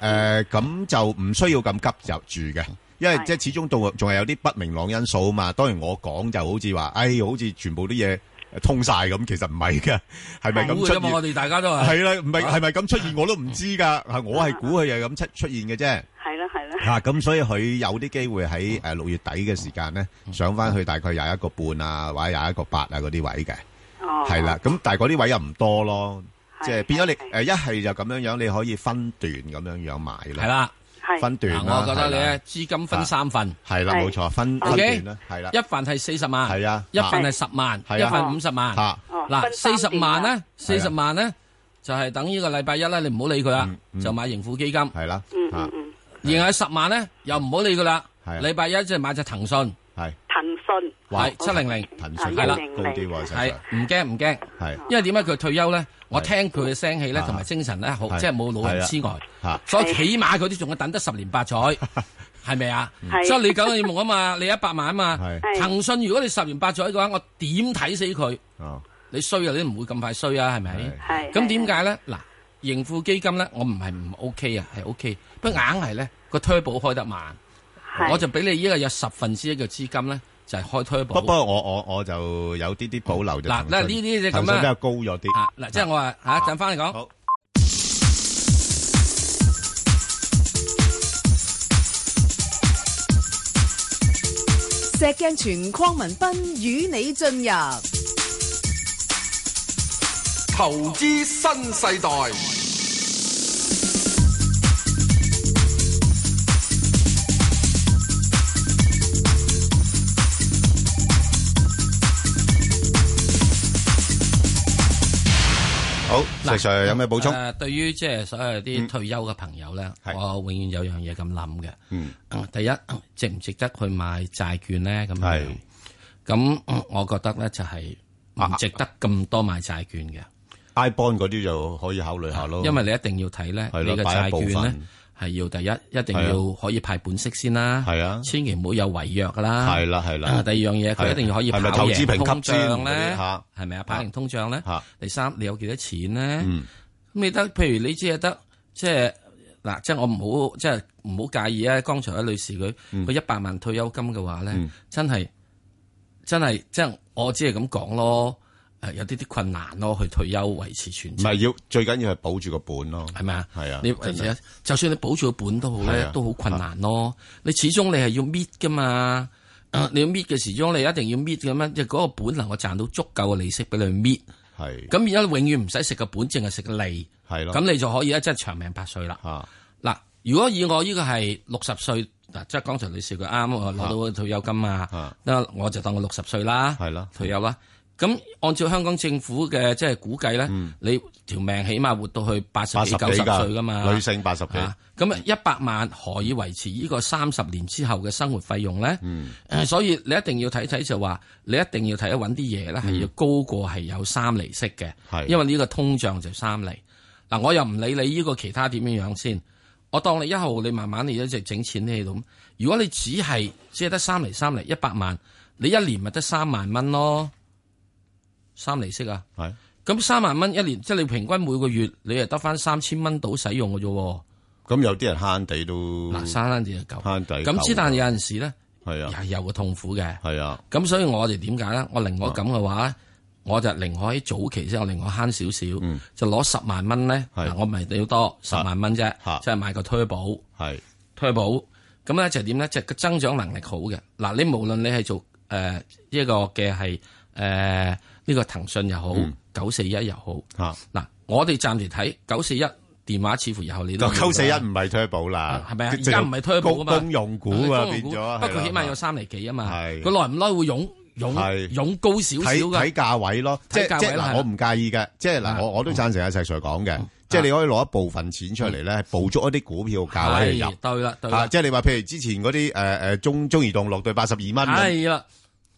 誒，咁就唔需要咁急入住嘅。因為即係始終到仲係有啲不明朗因素啊嘛，當然我講就好似話，哎，好似全部啲嘢通晒咁，其實唔係噶，係咪咁出現？我哋大家都係啦，唔係係咪咁出現我都唔知噶，係我係估佢又係咁出出現嘅啫。係咯係咯。吓咁所以佢有啲機會喺誒六月底嘅時間咧，上翻去大概廿一個半啊，或者廿一個八啊嗰啲位嘅。哦。係啦，咁但係嗰啲位又唔多咯，即係變咗你誒，一係就咁樣樣，你可以分段咁樣樣買啦。係啦。分段啊！我覺得你啊，資金分三份，係啦，冇錯，分分段啦，係啦，一份係四十萬，係啊，一份係十萬，一份五十萬，吓，嗱，四十萬咧，四十萬咧，就係等呢個禮拜一啦，你唔好理佢啦，就買盈富基金，係啦，嗯嗯嗯，而係十萬咧，又唔好理佢啦，係，禮拜一即係買隻騰訊，係，騰訊，係七零零騰訊，係啦，高啲喎，其實，係，唔驚唔驚，係，因為點解佢退休咧？我聽佢嘅聲氣咧，同埋精神咧，好是、啊、即係冇老人痴呆，是啊、所以起碼佢都仲要等得十年八載，係咪啊？ 嗯、所以你講嘅要夢啊嘛，你一百萬啊嘛，是啊騰訊如果你十年八載嘅話，我點睇死佢？哦、你衰啊，你唔會咁快衰啊，係咪？咁點解咧？嗱，盈富基金咧，我唔係唔 OK 啊，係 OK，不過硬係咧個推保開得慢，是啊、我就俾你依個有十分之一嘅資金咧。就開推盤，不過我我我就有啲啲保留就。嗱嗱，呢啲就咁啊，樣比較高咗啲。嗱、啊，啊、即係我話一、啊、等返嚟講。好石鏡泉鄺文斌與你進入投資新世代。好，石 Sir 有咩補充？誒、啊呃，對於即係所有啲退休嘅朋友咧，嗯、我永遠有樣嘢咁諗嘅。嗯，第一，值唔值得去買債券咧？咁樣係，咁我覺得咧就係、是、唔值得咁多買債券嘅。I bond 嗰啲就可以考慮下咯。因為你一定要睇咧，哦、你嘅債券咧。係要第一，一定要可以派本息先啦。係啊，千祈唔好有違約噶啦。係啦、啊，係啦、啊啊啊。第二樣嘢，佢一定要可以跑贏通脹咧，係咪啊，啊，啊，啊？跑贏通脹咧。啊、第三，你有幾多錢咧？咁你得，譬如你只係得即係嗱，即係我唔好即係唔好介意啊。剛才嗰女士佢佢一百萬退休金嘅話咧、嗯，真係真係即係我只係咁講咯。有啲啲困難咯，去退休維持存唔係要最緊要係保住個本咯，係咪啊？係啊，你就算你保住個本都好咧，都好困難咯。你始終你係要搣㗎嘛，你要搣嘅時鐘你一定要搣咁樣，即係嗰個本能我賺到足夠嘅利息俾你搣。係。咁而家永遠唔使食個本，淨係食個利。係咁你就可以咧，即係長命百歲啦。嗱，如果以我呢個係六十歲嗱，即係剛才你説佢啱，我攞到退休金啊，我就當我六十歲啦，退休啦。咁按照香港政府嘅即係估計咧，嗯、你條命起碼活到去八十幾九十歲噶嘛？女性八十幾咁啊，一百萬何以維持呢個三十年之後嘅生活費用咧。嗯嗯、所以你一定要睇睇，就話你一定要睇下搵啲嘢咧，係要高過係有三厘息嘅，嗯、因為呢個通脹就三厘嗱。的我又唔理你呢個其他點樣樣先，我當你一號你慢慢你一直整錢喺度。如果你只係只係得三厘三厘一百萬，你一年咪得三萬蚊咯。三厘息啊，係咁三萬蚊一年，即係你平均每個月你係得翻三千蚊到使用嘅啫。咁有啲人慳啲都嗱，慳慳啲就夠，慳啲。咁之但有陣時咧，係啊，係有個痛苦嘅，係啊。咁所以我哋點解咧？我寧可咁嘅話，我就寧可喺早期先，我寧可慳少少，就攞十萬蚊咧，我咪要多十萬蚊啫，即係買個退保，係退保。咁咧就係點咧？就係個增長能力好嘅。嗱，你無論你係做誒呢一個嘅係誒。呢個騰訊又好，九四一又好，吓嗱，我哋暫時睇九四一電話，似乎以後你都九四一唔係推保啦，係咪啊？而家唔係推保公用股啊，變咗。不過起碼有三厘幾啊嘛，係。佢耐唔耐會湧湧湧高少少睇價位咯，即係即係，我唔介意噶，即係嗱，我我都贊成阿細 Sir 講嘅，即係你可以攞一部分錢出嚟咧，捕捉一啲股票價位嚟入。對啦，對啦，即係你話譬如之前嗰啲誒誒中中移動落對八十二蚊，係啦。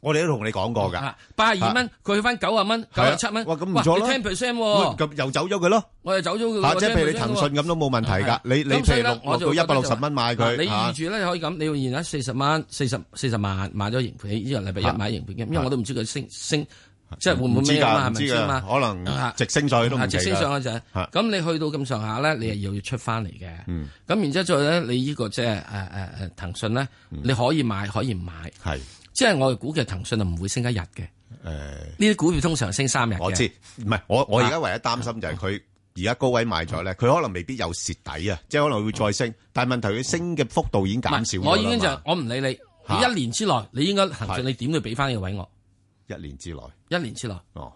我哋都同你講過噶，八十二蚊，佢去翻九十蚊，九十七蚊。哇，咁唔錯咯。你聽 percent，又走咗佢咯。我又走咗佢。啊，即係譬如你騰訊咁都冇問題噶。你你譬如六，我做一百六十蚊買佢。你預住咧可以咁，你用而家四十蚊，四十四十萬買咗盈配，呢個禮拜一買盈配嘅，因為我都唔知佢升升，即係會唔會升嘛？唔知噶，可能直升上去都唔止啦。直升上去就係咁，你去到咁上下咧，你又要出翻嚟嘅。咁然之後咧，你呢個即係誒誒誒騰訊咧，你可以買可以唔買。係。即係我哋估嘅騰訊啊，唔會升一日嘅。誒，呢啲股票通常升三日。我知，唔係我我而家唯一擔心就係佢而家高位買咗咧，佢可能未必有蝕底啊，即係可能會再升。但係問題佢升嘅幅度已經減少。唔係，我已經就我唔理你。一年之內你應該騰訊，你點會俾翻嘅位我？一年之內，一年之內，哦，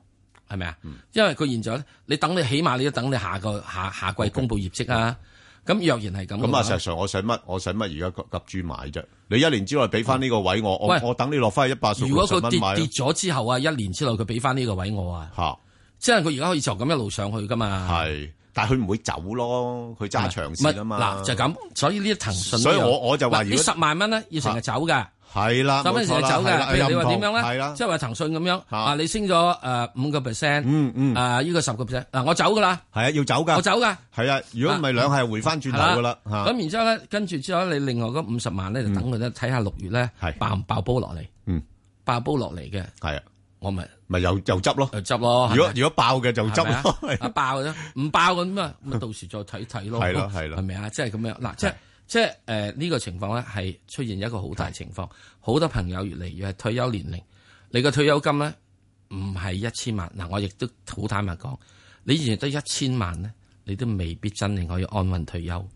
係咪啊？因為佢現在咧，你等你起碼你要等你下個下下季公布業績啊。咁若然係咁，咁啊，事實上我想乜我想乜而家急住買啫。你一年之內俾翻呢個位我，我喂我等你落翻去一百。如果佢跌跌咗之後啊，一年之內佢俾翻呢個位我啊，吓哈，即係佢而家可以就咁一路上去噶嘛？係，但係佢唔會走咯，佢揸長線啊嘛。嗱，就咁，是，所以呢騰訊，所以我我就話不，嗱果，十萬蚊咧，要成日走噶。係啦，十走嘅，譬如你話點樣咧？即係話騰訊咁樣啊，你升咗誒五個 percent，嗯呢個十個 percent，嗱我走噶啦，係啊要走噶，我走噶，係啊如果唔係兩係回翻轉頭噶啦。咁然之後咧，跟住之後你另外嗰五十萬咧就等佢咧睇下，六月咧爆唔爆煲落嚟？嗯，爆煲落嚟嘅，係啊，我咪咪又又執咯，執咯。如果如果爆嘅就執咯，一爆咧唔爆咁啊，咁到時再睇睇咯，係咯係係咪啊？即係咁樣嗱，即係。即係誒呢個情況咧，係出現一個好大情況。好多朋友越嚟越係退休年齡，你個退休金咧唔係一千萬。嗱、呃，我亦都好坦白講，你而家得一千萬咧，你都未必真係可以安穩退休。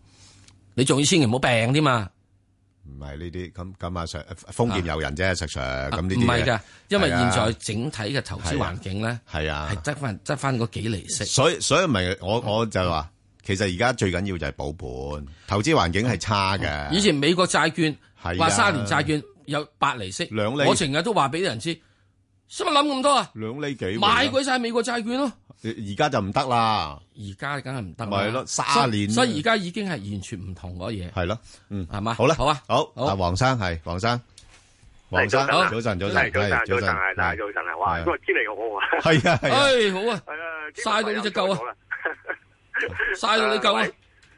你仲要千祈唔好病添、啊、嘛？唔係呢啲，咁咁啊，上封建游人啫，實實咁啲嘢，唔係噶，因為現在整體嘅投資環境咧，係啊，係得翻得翻嗰幾厘息。所以所以咪我我就話。嗯其實而家最緊要就係保本，投資環境係差嘅。以前美國債券，話三年債券有八厘息，兩厘。我成日都話俾人知，使乜諗咁多啊？兩厘幾，買鬼晒美國債券咯。而家就唔得啦。而家梗係唔得。咪係咯，三年。所以而家已經係完全唔同嗰嘢。係咯，嗯，係嘛。好啦，好啊，好。阿黃生係黃生，黃生，早晨，早晨，早晨，早晨，早晨，早晨，早晨。哇，今日知你好啊。係啊，係啊。好啊。係啊，晒到呢隻夠啊。晒到你救啦，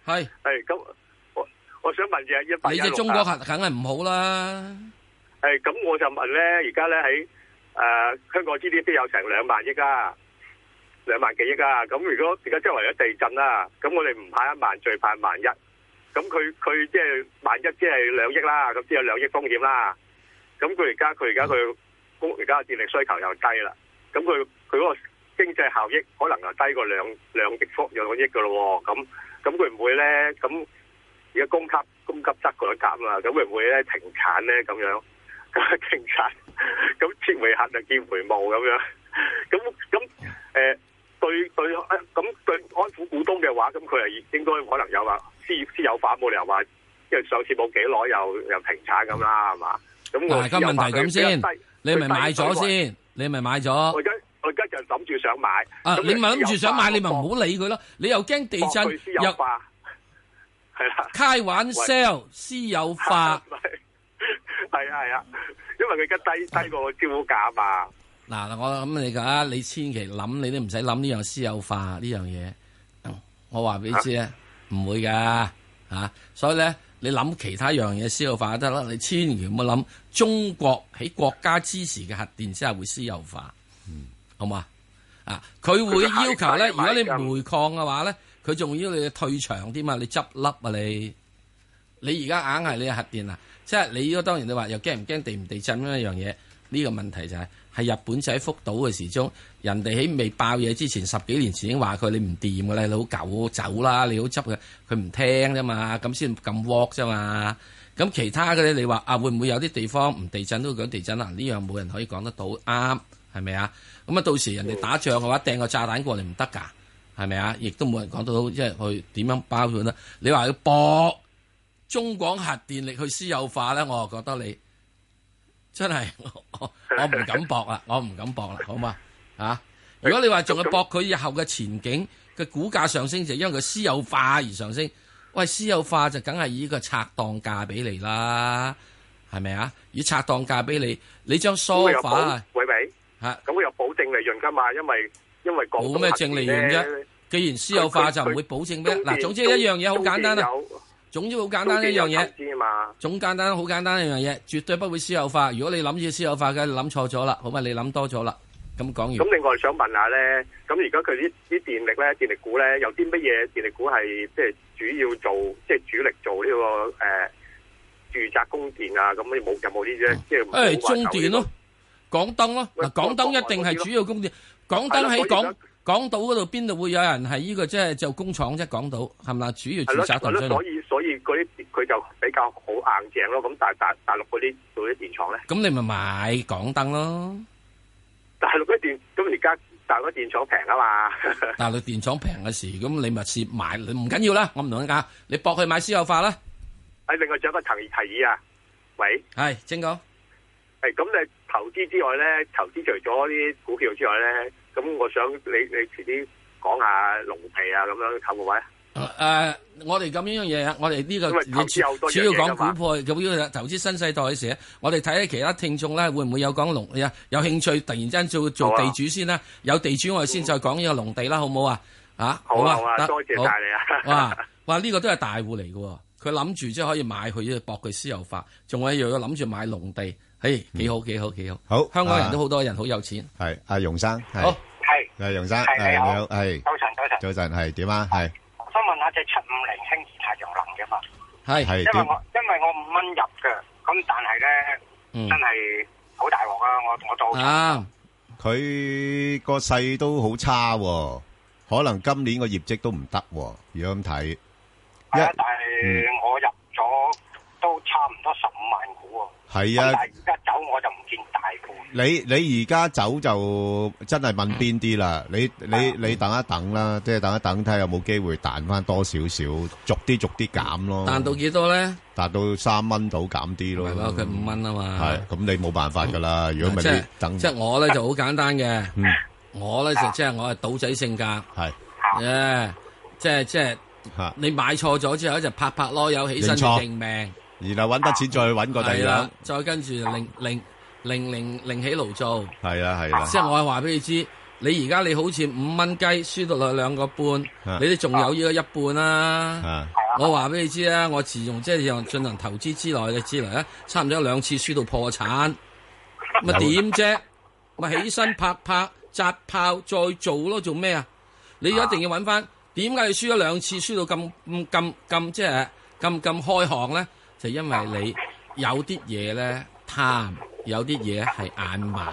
係係咁，我我想問嘢一百億中國係梗係唔好啦。係咁，哎，我就問咧，而家咧喺誒香港 GDP 有成兩萬億啊，兩萬幾億噶。咁如果而家周圍有地震啦，啊，咁我哋唔怕一萬，最怕萬,萬一。咁佢佢即係萬一即係兩億啦，咁即係兩億風險啦。咁佢而家佢而家佢供而家嘅電力需求又低啦。咁佢佢嗰個。經濟效益可能又低過兩兩億方兩億噶咯喎，咁咁佢唔會咧？咁而家供給供給側改革啊嘛，咁會唔會咧停產咧？咁樣停產，咁撤回客就見回霧咁樣，咁咁誒對對咁對、啊、對安撫股東嘅話，咁佢係應該可能有話私私有化冇理由話，因為上次冇幾耐又又停產咁啦，係嘛？咁嗱，而家問題咁先，你係咪買咗先，你係咪買咗？我而家就諗住想買啊！你咪係諗住想買，嗯、你咪唔好理佢咯。你又驚地震？私有化係啦，開玩笑私有化係啊係啊，因為佢而家低低過招價嘛。嗱，我諗你噶，你千祈諗，你都唔使諗呢樣私有化呢樣嘢。我話俾你知咧，唔會噶吓，所以咧你諗其他樣嘢私有化就得啦。你千祈唔好諗中國喺國家支持嘅核電之下會私有化。好嘛？啊，佢會要求咧。如果你煤礦嘅話咧，佢仲 要你退場添嘛？你執笠啊你！你而家硬係你核電啊！即係你依家當然你話又驚唔驚地唔地震呢樣嘢？呢個問題就係係日本仔福島嘅時鐘，人哋喺未爆嘢之前十幾年前已經話佢你唔掂噶啦，你好走走啦，你好執嘅，佢唔聽啫嘛，咁先咁 work 啫嘛。咁其他嘅你話啊會唔會有啲地方唔地震都會講地震啊？呢樣冇人可以講得到啱。啊係咪啊？咁啊，到時人哋打仗嘅話，掟個炸彈過嚟唔得噶，係咪啊？亦都冇人講到，即係去點樣包佢呢？你話要博中廣核電力去私有化咧，我又覺得你真係，我唔敢博啊，我唔敢博啦，好嘛？啊，如果你話仲要博佢以後嘅前景嘅股價上升，就因為佢私有化而上升，喂，私有化就梗係以個拆檔價俾你啦，係咪啊？以拆檔價俾你，你將梳化。啊吓，咁我又保證利潤噶嘛？因為因為港冇咩淨利潤啫。既然私有化就唔會保證咩？嗱，總之一樣嘢好簡單啦。總之好簡單一樣嘢。總之好簡單一樣嘢，絕對不會私有化。如果你諗住私有化嘅，諗錯咗啦。好嘛，你諗多咗啦。咁講完。咁另外想問下咧，咁而家佢啲啲電力咧，電力股咧有啲乜嘢電力股係即係主要做即係主力做呢個誒住宅供電啊？咁你冇有冇呢啲？即係誒，中電咯。港燈咯，嗱，港燈一定係主要供電。港燈喺港港島嗰度邊度會有人係呢個即係做工廠啫？港島係咪啊？主要住宅。所以所以嗰啲佢就比較好硬淨咯。咁但係大大陸嗰啲嗰啲電廠咧，咁你咪買港燈咯？大陸啲電咁而家大陸啲電廠平啊嘛，大陸電廠平嘅時，咁你咪蝕埋，唔緊要啦。我唔同你講，你搏去買私有化啦。喺另外仲有一個提提議啊，喂，係正哥。咁你，投資之外咧，投資除咗啲股票之外咧，咁我想你你遲啲講下農地啊，咁樣，陳慕偉。誒，我哋咁呢樣嘢啊，我哋呢個主要講股票，咁呢個投資新世代嘅時咧，我哋睇下其他聽眾咧，會唔會有講農啊？有興趣突然間做做地主先啦，有地主我哋先再講呢個農地啦，好唔好啊？吓，好啊，多謝晒你啊！哇哇，呢個都係大戶嚟嘅，佢諗住即係可以買去搏佢私有化，仲有又諗住買農地。嘿，幾好幾好幾好，好香港人都好多人，好有錢。係阿容生，好係，阿容生你好，係。早晨早晨早晨係點啊？係。我想問下隻七五零，興業太陽能嘅嘛？係係。因為我因為我五蚊入嘅，咁但係咧真係好大鑊啊！我我做。啊，佢個勢都好差，可能今年個業績都唔得，如果咁睇。一嗯。係啊！而家走我就唔見大盤。你你而家走就真係問邊啲啦。你你你等一等啦，即係等一等睇下有冇機會彈翻多少少，逐啲逐啲減咯。彈到幾多咧？彈到三蚊到減啲咯。係咯，佢五蚊啊嘛。係咁，你冇辦法噶啦。如果唔係，即係我咧就好簡單嘅。我咧就即係我係賭仔性格。係。誒，即係即係，你買錯咗之後就拍拍囉柚起身認命。然後揾得錢再揾個第二張，再跟住零零零零零起爐做，係啊係啊。即係我係話俾你知，你而家你好似五蚊雞輸到落兩個半，啊、你哋仲有呢個一半啦、啊。啊、我話俾你知啦，我自從即係用進行投資之內嘅之內咧，差唔多兩次輸到破產，咪點啫？咪 起身拍拍紮炮再做咯，做咩啊？你一定要揾翻點解你輸咗兩次，輸到咁咁咁即係咁咁開行咧？就因為你有啲嘢，咧貪，有啲嘢係眼盲。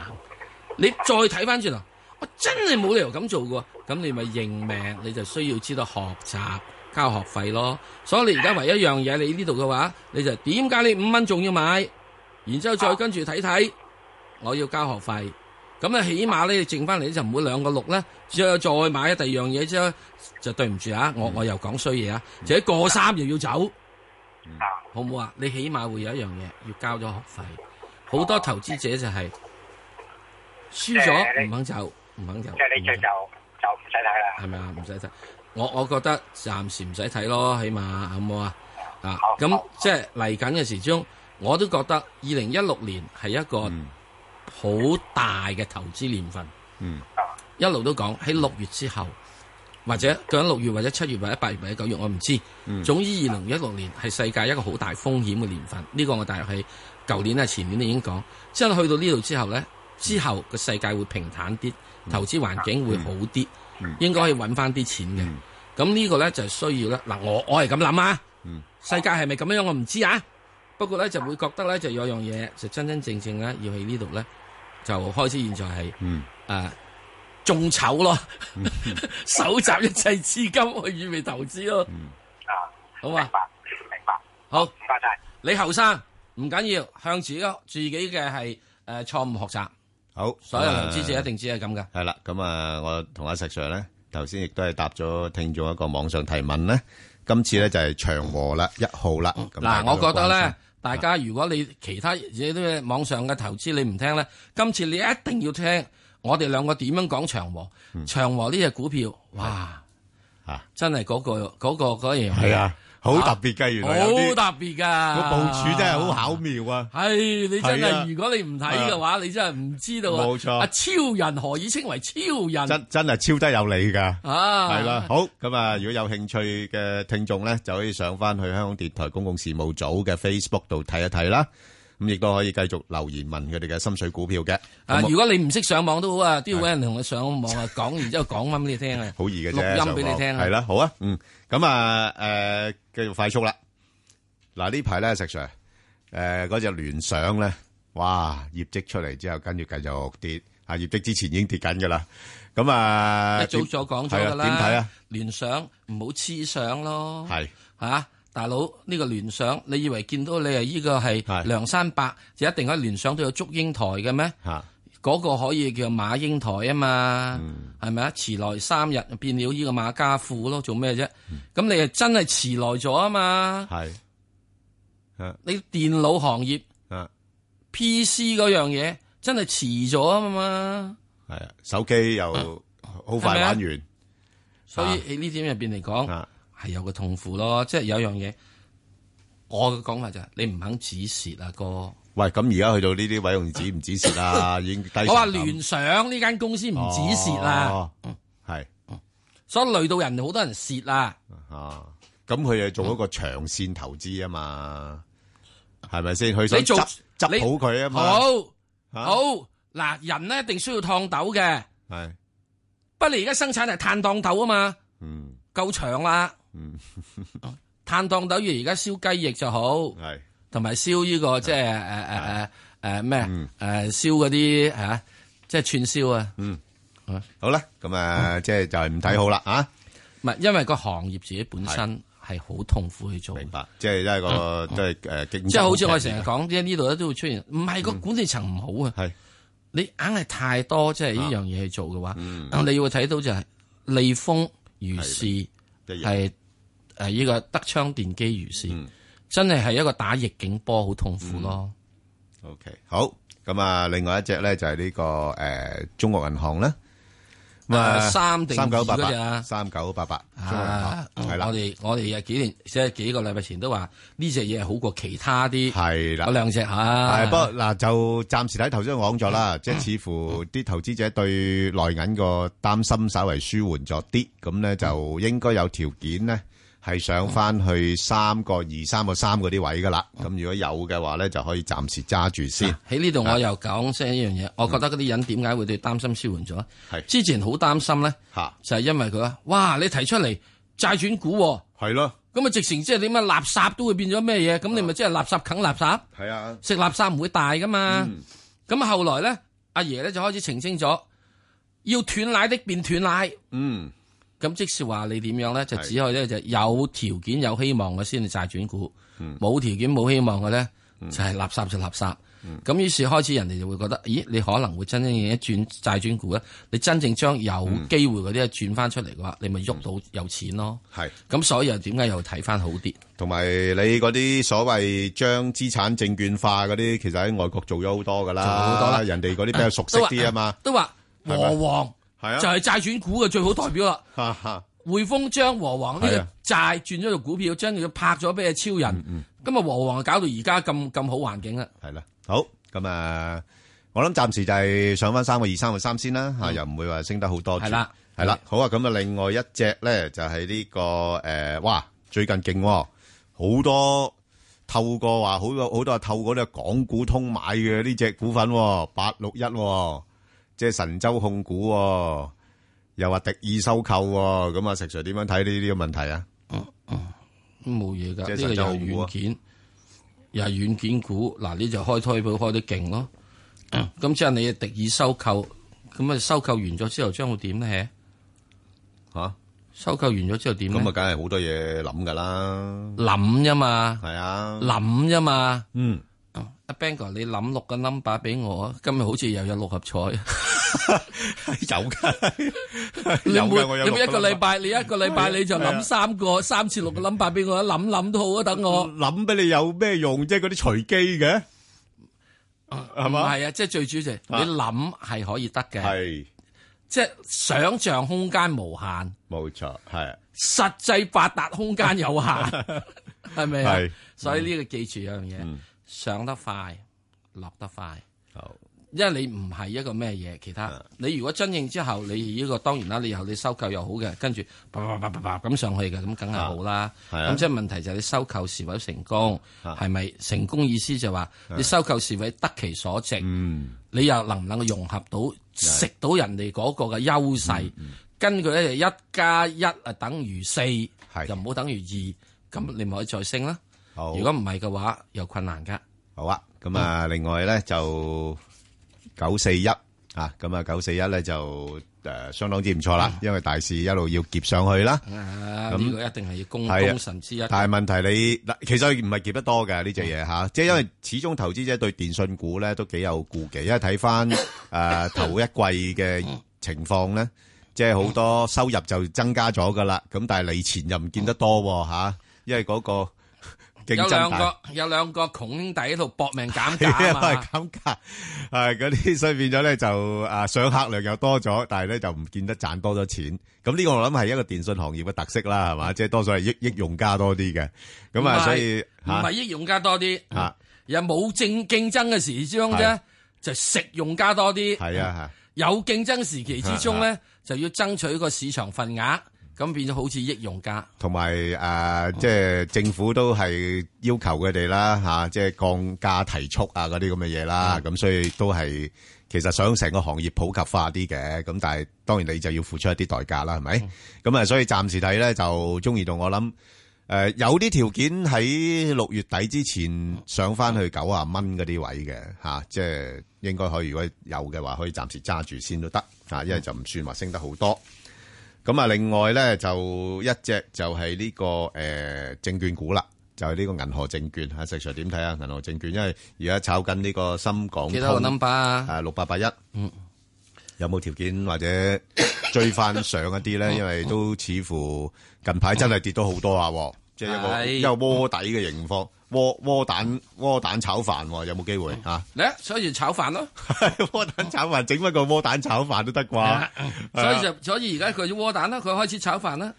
你再睇翻轉頭，我真係冇理由咁做嘅。咁你咪認命，你就需要知道學習交學費咯。所以你而家唯一樣嘢，你呢度嘅話，你就點解你五蚊仲要買？然之後再跟住睇睇，我要交學費。咁啊，起碼咧，剩翻嚟咧就唔會兩個六啦。之後再買第二樣嘢之後，就對唔住啊！我我又講衰嘢啊，而且過三又要走。好唔好啊？你起碼會有一樣嘢，要交咗學費。好多投資者就係輸咗唔肯走，唔肯走。即係你即就就唔使睇啦。係咪啊？唔使睇。我我覺得暫時唔使睇咯，起碼好唔好啊？啊，好。咁即係嚟緊嘅時鐘，我都覺得二零一六年係一個好大嘅投資年份。嗯，一路都講喺六月之後。或者到咗六月，或者七月，或者八月，或者九月，我唔知。嗯、總之，二零一六年係世界一個好大風險嘅年份，呢、這個我大約係舊年啊、前年都已經講。之後去到呢度之後呢，之後個世界會平坦啲，投資環境會好啲，嗯嗯、應該可以揾翻啲錢嘅。咁呢、嗯、個呢，就係、是、需要啦。嗱，我我係咁諗啊，世界係咪咁樣我唔知啊。不過呢，就會覺得呢，就有樣嘢就真真正正呢，要去呢度呢，就開始現在係誒。嗯呃眾籌咯，蒐集一切資金去預備投資咯。啊，好嘛，明白，明白。好，唔該晒。你後生唔緊要，向自己自己嘅係誒錯誤學習。好，所有投資者一定知係咁噶。係啦，咁啊，我同阿石 Sir 咧，頭先亦都係答咗聽咗一個網上提問咧。今次咧就係長和啦，一號啦。嗱，我覺得咧，大家如果你其他嘢都網上嘅投資你唔聽咧，今次你一定要聽。我哋兩個點樣講長和？長和呢隻股票，哇，吓，真係嗰個嗰個嗰樣係啊，好特別嘅，啊、原來好特別噶，個部署真係好巧妙啊！係、哎、你真係，啊、如果你唔睇嘅話，啊、你真係唔知道啊！冇錯，阿、啊、超人何以稱為超人？真真係超得有理噶，係啦、啊啊啊。好咁啊，如果有興趣嘅聽眾咧，就可以上翻去香港電台公共事務組嘅 Facebook 度睇一睇啦。咁亦都可以繼續留言問佢哋嘅心水股票嘅。啊，如果你唔識上網都好啊，都要搵人同你上網啊，講完之後講翻俾你聽啊。好易嘅啫，錄音俾你聽。係啦，好啊，嗯，咁啊，誒，繼續快速啦。嗱呢排咧，石 Sir，誒，嗰隻聯想咧，哇，業績出嚟之後，跟住繼續跌。啊，業績之前已經跌緊噶啦。咁啊，早咗講咗噶啦。點睇啊？聯想唔好癡想咯。係，吓。大佬，呢、呢個聯想，你以為見到你係依個係梁山伯，是就一定喺聯想都有祝英台嘅咩？嗰、啊、個可以叫馬英台啊嘛，係咪啊？遲來三日變了依個馬家富咯，做咩啫？咁、嗯、你係真係遲來咗啊嘛！啊你電腦行業、啊、PC 嗰樣嘢真係遲咗啊嘛！係啊，手機又好快玩完，是是所以喺呢點入邊嚟講。啊啊啊係有個痛苦咯，即係有一樣嘢，我嘅講法就係你唔肯止蝕啊，哥。喂，咁而家去到呢啲位用止唔止蝕啊？已經低。我話聯想呢間公司唔止蝕啦，係，所以累到人哋好多人蝕啦。啊，咁佢又做一個長線投資啊嘛，係咪先？佢想執執好佢啊嘛。好，好，嗱，人呢一定需要燙斗嘅，係。不過，你而家生產係碳燙斗啊嘛，嗯，夠長啦。嗯，攤檔等於而家燒雞翼就好，係，同埋燒呢個即係誒誒誒誒咩？誒燒嗰啲吓，即係串燒啊。嗯，好啦，咁啊，即係就係唔睇好啦啊。唔係，因為個行業自己本身係好痛苦去做。明白，即係一個都係誒，即係好似我成日講，即係呢度咧都會出現。唔係個管理層唔好啊，係你硬係太多即係呢樣嘢去做嘅話，嗯，你要睇到就係利豐如是係。誒，呢個德昌電機如是，真係係一個打逆境波，好痛苦咯。OK，好咁啊。另外一隻咧就係呢個誒中國銀行咧，三定三九八八，三九八八。中國銀行係啦，我哋我哋誒幾年即係幾個禮拜前都話呢隻嘢係好過其他啲，係啦，兩隻吓係。不過嗱，就暫時睇頭先講咗啦，即係似乎啲投資者對內銀個擔心稍為舒緩咗啲，咁咧就應該有條件咧。係上翻去三個二、三個三嗰啲位噶啦，咁如果有嘅話咧，就可以暫時揸住先。喺呢度我又講聲一樣嘢，我覺得嗰啲人點解會對擔心舒緩咗，係之前好擔心咧，就係因為佢話，哇，你提出嚟債轉股，係咯，咁啊直情即係點解垃圾都會變咗咩嘢？咁你咪即係垃圾啃垃圾，係啊，食垃圾唔會大噶嘛。咁後來咧，阿爺咧就開始澄清咗，要斷奶的變斷奶，嗯。咁即使話你點樣咧，就只可以咧就有條件有希望嘅先至債轉股，冇、嗯、條件冇希望嘅咧、嗯、就係垃圾就垃圾。咁、嗯、於是開始人哋就會覺得，咦？你可能會真正一轉債轉股咧，你真正將有機會嗰啲轉翻出嚟嘅話，嗯、你咪喐到有錢咯。係、嗯。咁所以又，又點解又睇翻好啲？同埋你嗰啲所謂將資產證券化嗰啲，其實喺外國做咗好多噶啦，好多啦，人哋嗰啲比較熟悉啲啊嘛。都話，都話，都係啊，就係債轉股嘅最好代表啦。 匯豐將和黃呢個債轉咗做股票，將佢、啊、拍咗俾阿超人。咁啊、嗯嗯、和黃搞到而家咁咁好環境啦。係啦、啊，好咁啊，我諗暫時就係上翻三個二、三個三先啦。嚇，又唔會話升得好多。係啦、啊，係啦、啊啊，好啊。咁啊，另外一隻咧就係、是、呢、這個誒、呃，哇，最近勁好、哦、多,多，多透過話好多好多啊，透過呢個港股通買嘅呢隻股份、哦，八六一。即係神州控股，又話敵意收購，咁啊石 Sir 點樣睇呢啲嘅問題啊？冇嘢噶，呢個又係軟件，又係軟件股，嗱、啊、呢就開拖盤開得勁咯、哦。咁之後你敵意收購，咁啊收購完咗之後將會點呢？吓、啊，收購完咗之後點呢？咁啊，梗係好多嘢諗噶啦。諗啫嘛，係啊，諗啫嘛，嗯。阿 Bang 哥你諗六個 number 俾我，今日好似又有六合彩，有噶？有噶，我有。你一個禮拜，你一個禮拜，你就諗三個三次六個 number 俾我，諗諗都好啊，等我諗俾你有咩用？即係嗰啲隨機嘅，係嘛？係啊，即係最主要，你諗係可以得嘅，係即係想象空間無限，冇錯，係實際發達空間有限，係咪啊？所以呢個記住一樣嘢。上得快，落得快。好，因為你唔係一個咩嘢，其他你如果真認之後，你呢個當然啦，你又你收購又好嘅，跟住叭叭叭叭叭咁上去嘅，咁梗係好啦。咁即係問題就係你收購是否成功，係咪成功意思就話你收購是否得其所值？你又能唔能夠融合到食到人哋嗰個嘅優勢，根據咧一加一啊等於四，就唔好等於二，咁你咪可以再升啦。如果唔係嘅話，又困難噶。好啊，咁啊，另外咧就九四一啊，咁啊九四一咧就誒相當之唔錯啦，因為大市一路要夾上去啦。啊，呢個一定係要功臣之一。但係問題你，嗱，其實佢唔係夾得多嘅呢隻嘢吓，即係因為始終投資者對電信股咧都幾有顧忌，因為睇翻誒頭一季嘅情況咧，即係好多收入就增加咗噶啦，咁但係利錢又唔見得多吓，因為嗰個。有兩個有兩個窮兄弟喺度搏命減價，係減價，係嗰啲，所以變咗咧就啊上客量又多咗，但係咧就唔見得賺多咗錢。咁呢個我諗係一個電信行業嘅特色啦，係嘛，即係多數係益益用家多啲嘅。咁啊，所以唔係益用家多啲啊，又冇正競爭嘅時期之中啫，就食用家多啲。係啊係，有競爭時期之中咧，就要爭取個市場份額。咁變咗好似益用家，同埋誒，即、呃、係、就是、政府都係要求佢哋啦嚇，即、啊、係、就是、降價提速啊嗰啲咁嘅嘢啦，咁、嗯、所以都係其實想成個行業普及化啲嘅，咁但係當然你就要付出一啲代價啦，係咪？咁啊、嗯，所以暫時睇咧就鍾意到我諗誒、呃，有啲條件喺六月底之前上翻去九啊蚊嗰啲位嘅嚇，即、就、係、是、應該可以，如果有嘅話，可以暫時揸住先都得啊，因為就唔算話升得好多。咁啊，另外咧就一隻就係呢、這個誒、呃、證券股啦，就係、是、呢個銀河證券。阿石上點睇啊？銀河證券，因為而家炒緊呢個深港通，幾多個 number 啊？六八八一，1, 嗯、有冇條件或者追翻上一啲咧？因為都似乎近排真係跌咗好多啊！嗯一個又窩底嘅情況，窩窩蛋窩蛋炒飯有冇機會啊？咧，所以炒飯咯，窩 蛋炒飯整返個窩蛋炒飯都得啩，啊。所以就所以而家佢窩蛋啦，佢開始炒飯啦。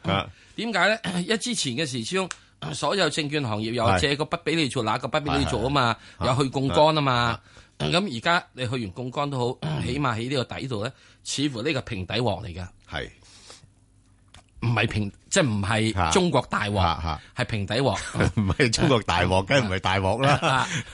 點解咧？一之前嘅時窗，所有證券行業有借個筆俾你做，是拿個筆俾你做啊嘛，有去槓桿啊嘛。咁而家你去完槓桿都好，啊、起碼喺呢個底度咧，似乎呢個平底鑊嚟噶。係。唔係平，即係唔係中國大鑊，係、啊啊、平底鑊。唔係、嗯、 中國大鑊，梗係唔係大鑊啦。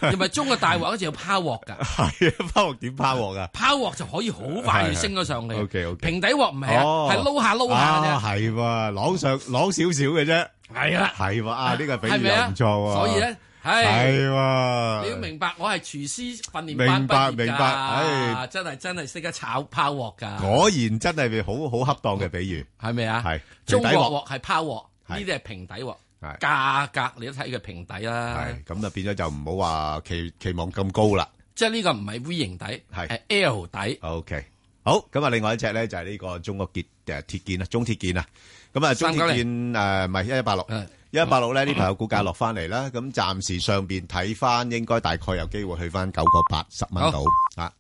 係咪、啊啊、中國大鑊，好似有拋鑊噶。係啊，拋鑊點拋鑊噶？拋鑊就可以好快升咗上嚟。O K 平底鑊唔係啊，係撈下撈下嘅係喎，朗上朗少少嘅啫。係的啊。係、啊、喎，啊、這、呢個比喻唔錯、啊、所以咧。係你要明白，我係廚師訓練班畢業噶，真係真係識得炒拋鑊噶。果然真係咪好好恰當嘅比喻，係咪啊？係中國鑊係拋鑊，呢啲係平底鑊，價格你都睇佢平底啦。咁就變咗就唔好話期期望咁高啦。即係呢個唔係 V 型底，係 L 底。OK，好咁啊！另外一隻咧就係呢個中國鐵誒鐵建啊，中鐵建啊。咁啊，中鐵建誒，唔係一一八六。一八六咧，呢排有股價落翻嚟啦，咁暫時上面睇翻，應該大概有機會去翻九個八十蚊度。